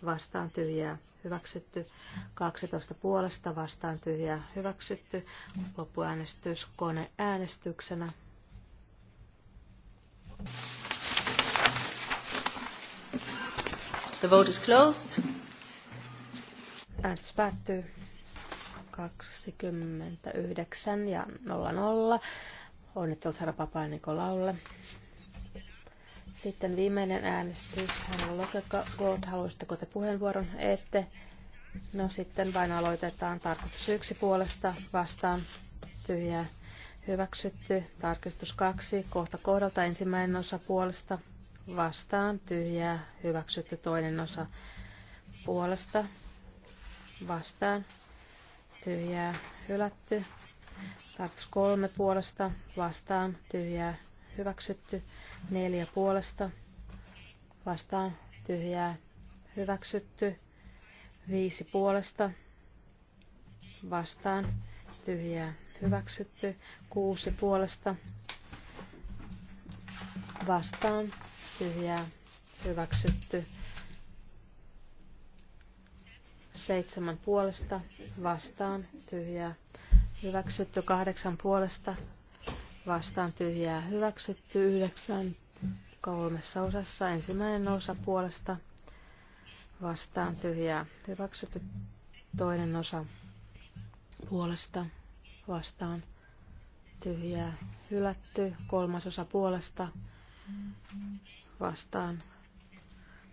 vastaan tyhjää hyväksytty, kaksitoista puolesta vastaan tyhjää hyväksytty, loppuäänestys äänestyksenä. The vote is closed. Äänestys päättyy 29 ja 00. Onnittelut herra Papa Nikolaulle. Sitten viimeinen äänestys. Hän on Lokekka Gold. Haluaisitteko te puheenvuoron? Ette. No sitten vain aloitetaan. tarkistus yksi puolesta vastaan tyhjää hyväksytty. Tarkistus kaksi kohta kohdalta ensimmäinen osa puolesta vastaan tyhjää hyväksytty toinen osa puolesta vastaan tyhjää hylätty. Tarkoitus kolme puolesta vastaan tyhjää hyväksytty. Neljä puolesta vastaan tyhjää hyväksytty. Viisi puolesta vastaan tyhjää hyväksytty. Kuusi puolesta vastaan tyhjää hyväksytty. Seitsemän puolesta vastaan tyhjää hyväksytty. Kahdeksan puolesta vastaan tyhjää hyväksytty. Yhdeksän kolmessa osassa. Ensimmäinen osa puolesta vastaan tyhjää hyväksytty. Toinen osa puolesta vastaan tyhjää hylätty. Kolmas osa puolesta vastaan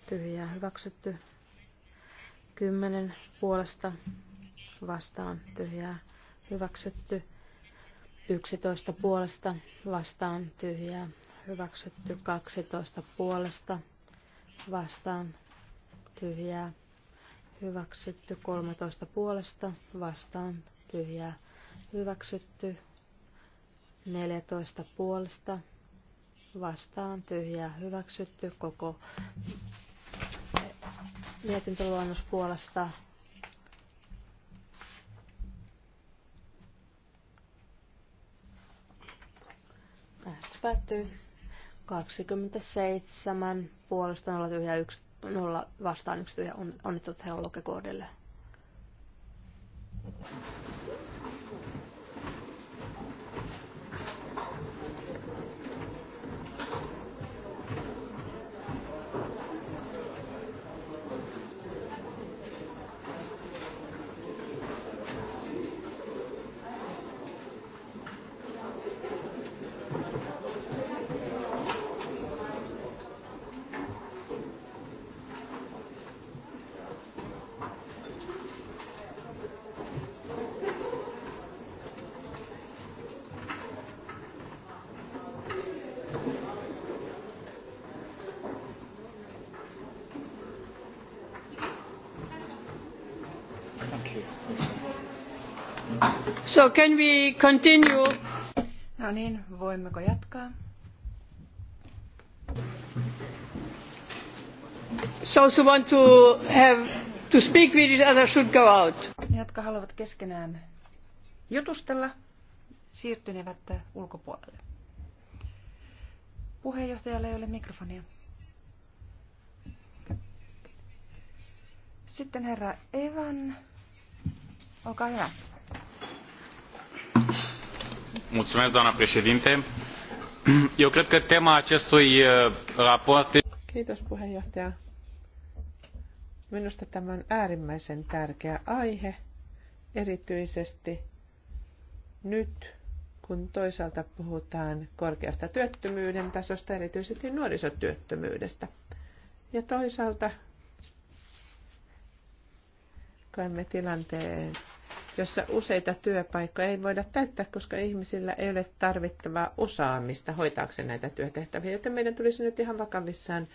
tyhjää hyväksytty. Kymmenen puolesta vastaan tyhjää hyväksytty. 11 puolesta vastaan tyhjää hyväksytty. 12 puolesta vastaan tyhjää hyväksytty. 13 puolesta vastaan tyhjää hyväksytty. 14 puolesta vastaan tyhjää hyväksytty. Koko mietintöluonnos puolesta Äänestys päättyy 27 puolesta 01 tyhjä 1, 0 vastaan 1 tyhjä. Onnittelut herra can we continue? No niin, voimmeko jatkaa? who want to have to speak with each other should go out. Ne, jotka haluavat keskenään jutustella, siirtynevät ulkopuolelle. Puheenjohtajalle ei ole mikrofonia. Sitten herra Evan, olkaa hyvä. Mulțumesc, doamna președinte. Eu cred că tema acestui uh, raport... E- Kiitos puheenjohtaja. Minusta tämä on äärimmäisen tärkeä aihe, erityisesti nyt, kun toisaalta puhutaan korkeasta työttömyyden tasosta, erityisesti nuorisotyöttömyydestä. Ja toisaalta koemme tilanteen, jossa useita työpaikkoja ei voida täyttää, koska ihmisillä ei ole tarvittavaa osaamista hoitaakseen näitä työtehtäviä. Joten meidän tulisi nyt ihan vakavissaan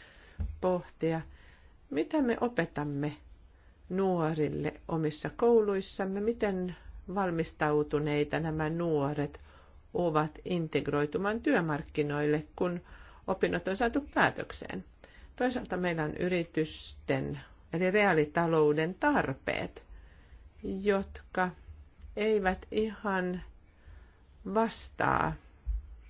pohtia, mitä me opetamme nuorille omissa kouluissamme, miten valmistautuneita nämä nuoret ovat integroitumaan työmarkkinoille, kun opinnot on saatu päätökseen. Toisaalta meillä on yritysten eli reaalitalouden tarpeet jotka eivät ihan vastaa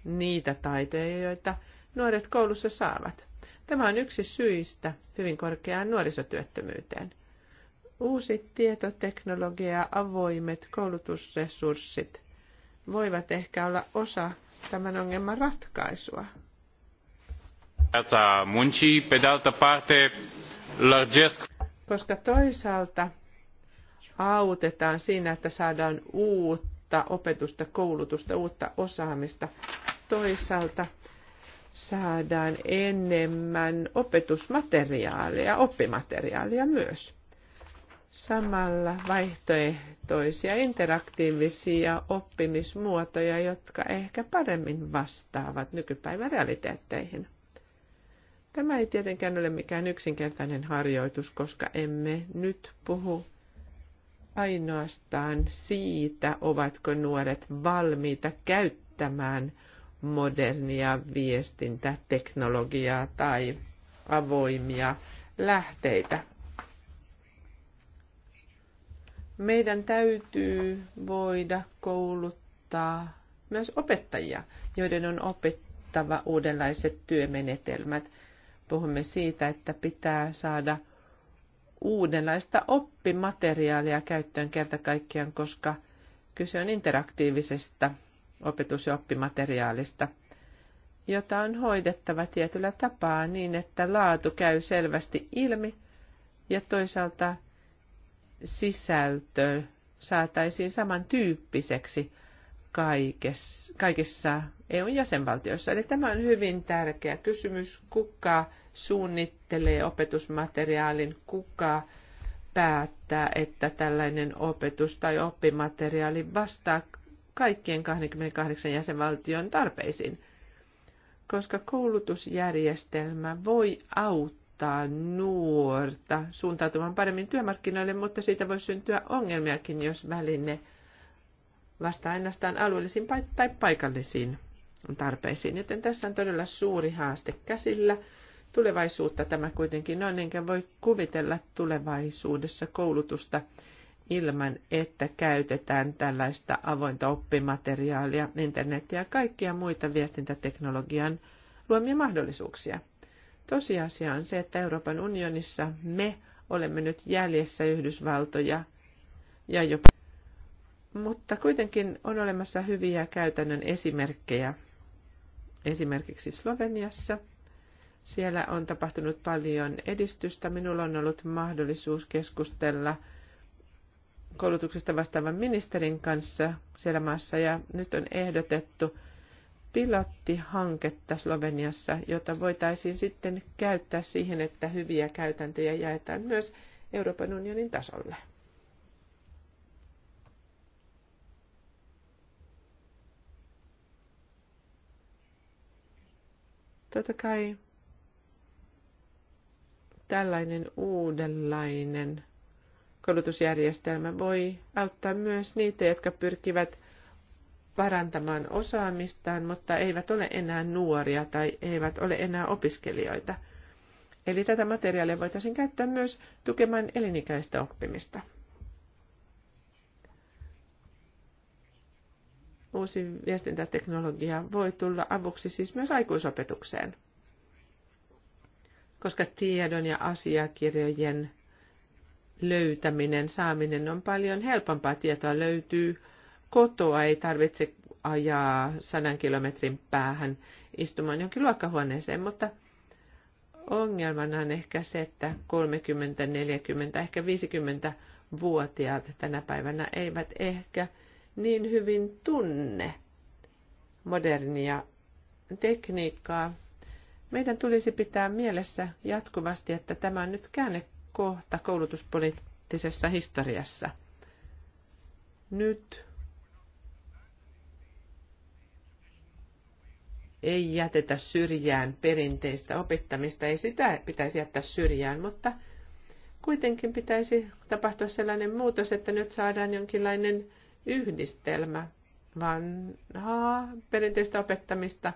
niitä taitoja, joita nuoret koulussa saavat. Tämä on yksi syistä hyvin korkeaan nuorisotyöttömyyteen. Uusi tietoteknologia ja avoimet koulutusresurssit voivat ehkä olla osa tämän ongelman ratkaisua. parte, Koska toisaalta autetaan siinä, että saadaan uutta opetusta, koulutusta, uutta osaamista. Toisaalta saadaan enemmän opetusmateriaalia, oppimateriaalia myös. Samalla vaihtoehtoisia interaktiivisia oppimismuotoja, jotka ehkä paremmin vastaavat nykypäivän realiteetteihin. Tämä ei tietenkään ole mikään yksinkertainen harjoitus, koska emme nyt puhu ainoastaan siitä, ovatko nuoret valmiita käyttämään modernia viestintäteknologiaa tai avoimia lähteitä. Meidän täytyy voida kouluttaa myös opettajia, joiden on opettava uudenlaiset työmenetelmät. Puhumme siitä, että pitää saada – uudenlaista oppimateriaalia käyttöön kerta kaikkiaan, koska kyse on interaktiivisesta opetus- ja oppimateriaalista, jota on hoidettava tietyllä tapaa niin, että laatu käy selvästi ilmi ja toisaalta sisältö saataisiin samantyyppiseksi kaikessa, kaikissa EUn jäsenvaltioissa. Eli tämä on hyvin tärkeä kysymys, kuka suunnittelee opetusmateriaalin, kuka päättää, että tällainen opetus tai oppimateriaali vastaa kaikkien 28 jäsenvaltion tarpeisiin, koska koulutusjärjestelmä voi auttaa nuorta suuntautumaan paremmin työmarkkinoille, mutta siitä voi syntyä ongelmiakin, jos väline vasta ainoastaan alueellisiin tai paikallisiin tarpeisiin. Joten tässä on todella suuri haaste käsillä. Tulevaisuutta tämä kuitenkin on, enkä voi kuvitella tulevaisuudessa koulutusta ilman, että käytetään tällaista avointa oppimateriaalia, internetiä ja kaikkia muita viestintäteknologian luomia mahdollisuuksia. Tosiasia on se, että Euroopan unionissa me olemme nyt jäljessä Yhdysvaltoja ja jopa mutta kuitenkin on olemassa hyviä käytännön esimerkkejä. Esimerkiksi Sloveniassa. Siellä on tapahtunut paljon edistystä. Minulla on ollut mahdollisuus keskustella koulutuksesta vastaavan ministerin kanssa siellä maassa ja nyt on ehdotettu pilottihanketta Sloveniassa, jota voitaisiin sitten käyttää siihen, että hyviä käytäntöjä jaetaan myös Euroopan unionin tasolle. Totta kai tällainen uudenlainen koulutusjärjestelmä voi auttaa myös niitä, jotka pyrkivät parantamaan osaamistaan, mutta eivät ole enää nuoria tai eivät ole enää opiskelijoita. Eli tätä materiaalia voitaisiin käyttää myös tukemaan elinikäistä oppimista. Uusi viestintäteknologia voi tulla avuksi siis myös aikuisopetukseen, koska tiedon ja asiakirjojen löytäminen, saaminen on paljon helpompaa. Tietoa löytyy kotoa, ei tarvitse ajaa sadan kilometrin päähän istumaan jonkin luokkahuoneeseen, mutta ongelmana on ehkä se, että 30, 40, ehkä 50-vuotiaat tänä päivänä eivät ehkä – niin hyvin tunne modernia tekniikkaa. Meidän tulisi pitää mielessä jatkuvasti, että tämä on nyt käännekohta koulutuspoliittisessa historiassa. Nyt ei jätetä syrjään perinteistä opettamista, ei sitä pitäisi jättää syrjään, mutta kuitenkin pitäisi tapahtua sellainen muutos, että nyt saadaan jonkinlainen yhdistelmä vanhaa perinteistä opettamista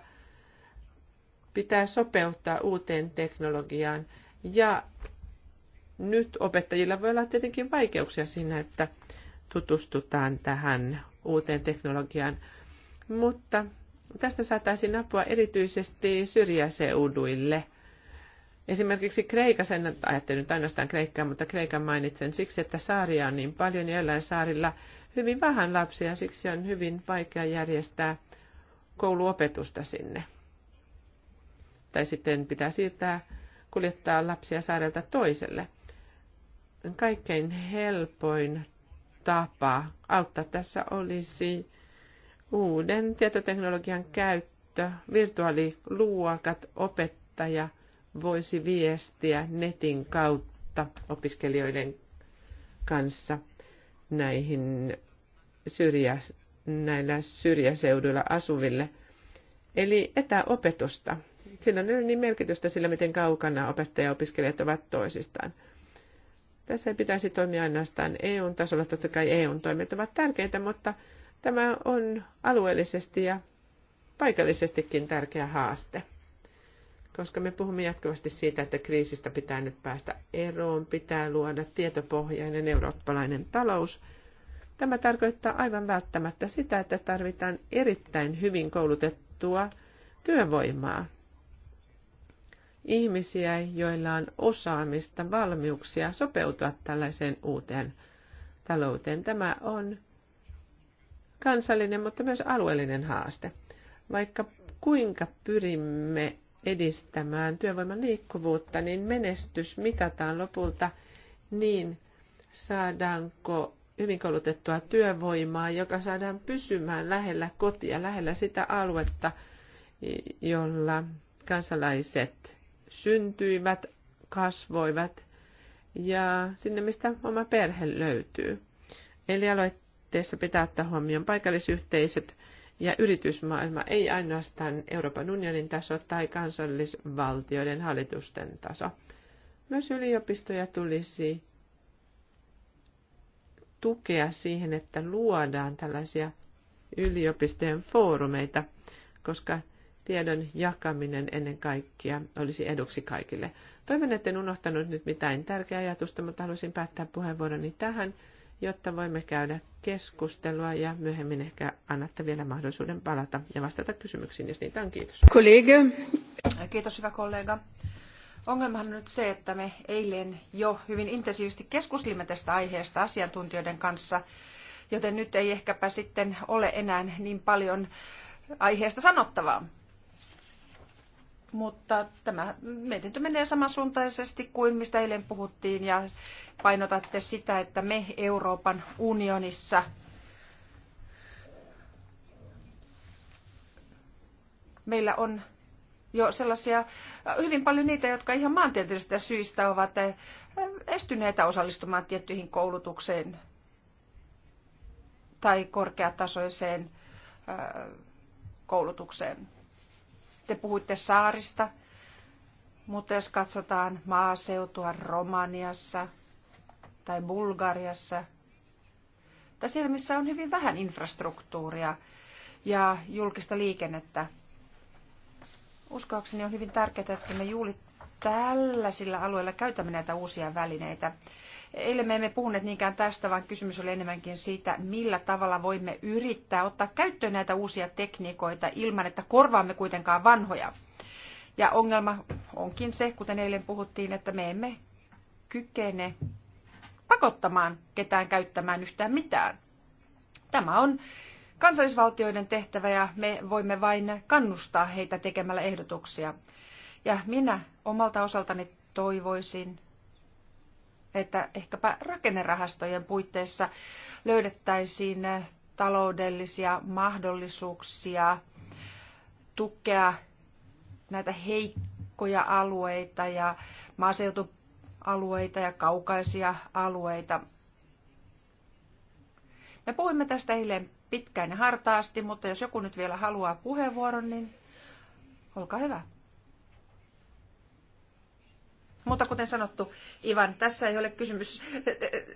pitää sopeuttaa uuteen teknologiaan. Ja nyt opettajilla voi olla tietenkin vaikeuksia siinä, että tutustutaan tähän uuteen teknologiaan, mutta tästä saataisiin apua erityisesti syrjäseuduille. Esimerkiksi Kreikassa, en ajattele nyt ainoastaan Kreikkaa, mutta Kreikan mainitsen siksi, että saaria on niin paljon, joillain saarilla hyvin vähän lapsia, siksi on hyvin vaikea järjestää kouluopetusta sinne. Tai sitten pitää siirtää, kuljettaa lapsia saarelta toiselle. Kaikkein helpoin tapa auttaa tässä olisi uuden tietoteknologian käyttö, virtuaaliluokat, opettaja voisi viestiä netin kautta opiskelijoiden kanssa näihin syrjä, näillä syrjäseuduilla asuville. Eli etäopetusta. Sillä on niin merkitystä sillä, miten kaukana opettaja ja opiskelijat ovat toisistaan. Tässä ei pitäisi toimia ainoastaan eu tasolla, totta kai eu toimet ovat tärkeitä, mutta tämä on alueellisesti ja paikallisestikin tärkeä haaste. Koska me puhumme jatkuvasti siitä, että kriisistä pitää nyt päästä eroon, pitää luoda tietopohjainen eurooppalainen talous – Tämä tarkoittaa aivan välttämättä sitä, että tarvitaan erittäin hyvin koulutettua työvoimaa. Ihmisiä, joilla on osaamista, valmiuksia sopeutua tällaiseen uuteen talouteen. Tämä on kansallinen, mutta myös alueellinen haaste. Vaikka kuinka pyrimme edistämään työvoiman liikkuvuutta, niin menestys mitataan lopulta niin, saadaanko hyvin koulutettua työvoimaa, joka saadaan pysymään lähellä kotia, lähellä sitä aluetta, jolla kansalaiset syntyivät, kasvoivat ja sinne, mistä oma perhe löytyy. Eli aloitteessa pitää ottaa huomioon paikallisyhteisöt ja yritysmaailma, ei ainoastaan Euroopan unionin taso tai kansallisvaltioiden hallitusten taso. Myös yliopistoja tulisi tukea siihen, että luodaan tällaisia yliopistojen foorumeita, koska tiedon jakaminen ennen kaikkea olisi eduksi kaikille. Toivon, en unohtanut nyt mitään tärkeää ajatusta, mutta haluaisin päättää puheenvuoroni tähän, jotta voimme käydä keskustelua ja myöhemmin ehkä annatte vielä mahdollisuuden palata ja vastata kysymyksiin, jos niitä on. Kiitos. Kollege. Kiitos, hyvä kollega. Ongelmahan on nyt se, että me eilen jo hyvin intensiivisesti keskustelimme tästä aiheesta asiantuntijoiden kanssa, joten nyt ei ehkäpä sitten ole enää niin paljon aiheesta sanottavaa. Mutta tämä mietintö menee samansuuntaisesti kuin mistä eilen puhuttiin ja painotatte sitä, että me Euroopan unionissa meillä on jo sellaisia, äh, hyvin paljon niitä, jotka ihan maantieteellisistä syistä ovat äh, estyneitä osallistumaan tiettyihin koulutukseen tai korkeatasoiseen äh, koulutukseen. Te puhuitte saarista, mutta jos katsotaan maaseutua Romaniassa tai Bulgariassa, tai siellä missä on hyvin vähän infrastruktuuria ja julkista liikennettä, Uskoakseni on hyvin tärkeää, että me juuri tällaisilla alueilla käytämme näitä uusia välineitä. Eilen me emme puhuneet niinkään tästä, vaan kysymys oli enemmänkin siitä, millä tavalla voimme yrittää ottaa käyttöön näitä uusia tekniikoita ilman, että korvaamme kuitenkaan vanhoja. Ja ongelma onkin se, kuten eilen puhuttiin, että me emme kykene pakottamaan ketään käyttämään yhtään mitään. Tämä on kansallisvaltioiden tehtävä ja me voimme vain kannustaa heitä tekemällä ehdotuksia. Ja minä omalta osaltani toivoisin, että ehkäpä rakennerahastojen puitteissa löydettäisiin taloudellisia mahdollisuuksia tukea näitä heikkoja alueita ja maaseutualueita ja kaukaisia alueita. Me puhuimme tästä eilen pitkään ja hartaasti, mutta jos joku nyt vielä haluaa puheenvuoron, niin olkaa hyvä. Mutta kuten sanottu, Ivan, tässä ei ole kysymys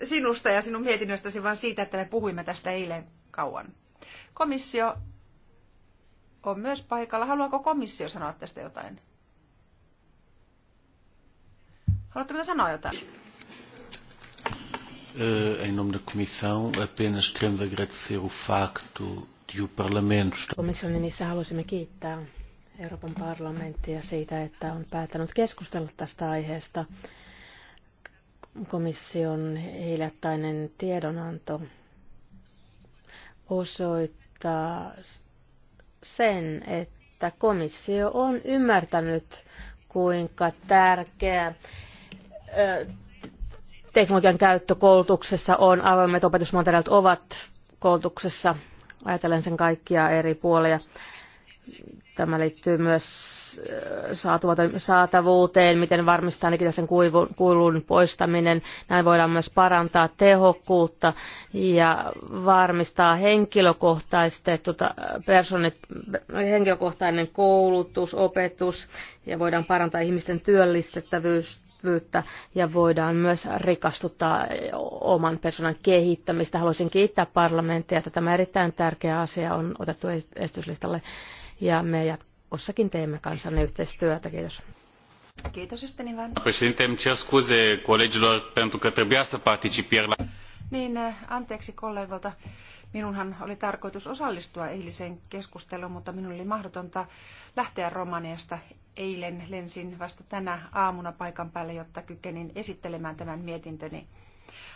sinusta ja sinun mietinnöstäsi, vaan siitä, että me puhuimme tästä eilen kauan. Komissio on myös paikalla. Haluaako komissio sanoa tästä jotain? Haluatteko sanoa jotain? Eh, em nome da Comissão, apenas queremos agradecer o facto de o Parlamento... Komission nimissä haluaisimme kiittää Euroopan parlamenttia siitä, että on päättänyt keskustella tästä aiheesta. Komission hiljattainen tiedonanto osoittaa sen, että komissio on ymmärtänyt, kuinka tärkeä teknologian käyttö koulutuksessa on, avoimet opetusmateriaalit ovat koulutuksessa, ajatellen sen kaikkia eri puolia. Tämä liittyy myös äh, saatavuuteen, miten varmistetaan digitaalisen kuilun poistaminen. Näin voidaan myös parantaa tehokkuutta ja varmistaa henkilökohtainen koulutus, opetus ja voidaan parantaa ihmisten työllistettävyyttä kestävyyttä ja voidaan myös rikastuttaa oman persoonan kehittämistä. Haluaisin kiittää parlamenttia, että tämä erittäin tärkeä asia on otettu estyslistalle ja me jatkossakin teemme kanssanne yhteistyötä. Kiitos. Kiitos, Ivan. Președinte, scuze colegilor pentru că trebuia să la... Niin, eh, anteeksi kollegolta. Minunhan oli tarkoitus osallistua eiliseen keskusteluun, mutta minun oli mahdotonta lähteä Romaniasta. Eilen lensin vasta tänä aamuna paikan päälle, jotta kykenin esittelemään tämän mietintöni.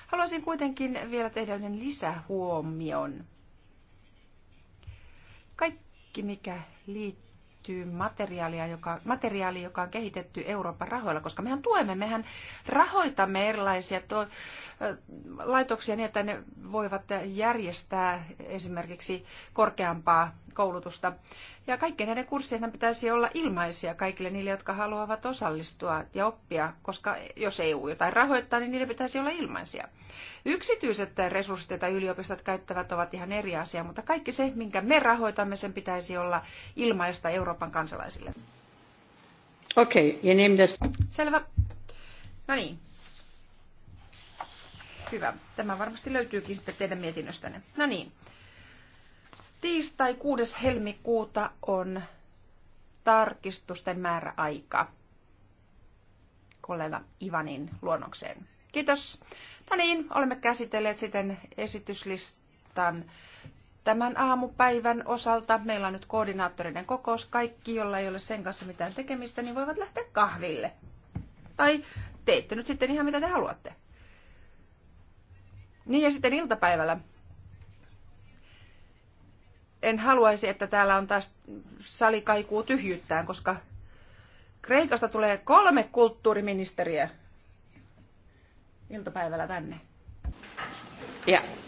Haluaisin kuitenkin vielä tehdä yhden lisähuomion. Kaikki, mikä liittyy liittyy materiaalia, joka, materiaali, joka on kehitetty Euroopan rahoilla, koska mehän tuemme, mehän rahoitamme erilaisia to, laitoksia niin, että ne voivat järjestää esimerkiksi korkeampaa koulutusta ja kaikkien näiden kurssien pitäisi olla ilmaisia kaikille niille, jotka haluavat osallistua ja oppia, koska jos EU jotain rahoittaa, niin niiden pitäisi olla ilmaisia. Yksityiset resurssit, joita yliopistot käyttävät, ovat ihan eri asia, mutta kaikki se, minkä me rahoitamme, sen pitäisi olla ilmaista Euroopan kansalaisille. Okei, okay, ja niin Selvä. No niin. Hyvä. Tämä varmasti löytyykin sitten teidän mietinnöstänne. No niin. Tiistai 6. helmikuuta on tarkistusten määräaika kollega Ivanin luonnokseen. Kiitos. No niin, olemme käsitelleet sitten esityslistan tämän aamupäivän osalta. Meillä on nyt koordinaattorinen kokous. Kaikki, jolla ei ole sen kanssa mitään tekemistä, niin voivat lähteä kahville. Tai teette nyt sitten ihan mitä te haluatte. Niin ja sitten iltapäivällä en haluaisi, että täällä on taas sali kaikuu tyhjyttään, koska Kreikasta tulee kolme kulttuuriministeriä iltapäivällä tänne. Ja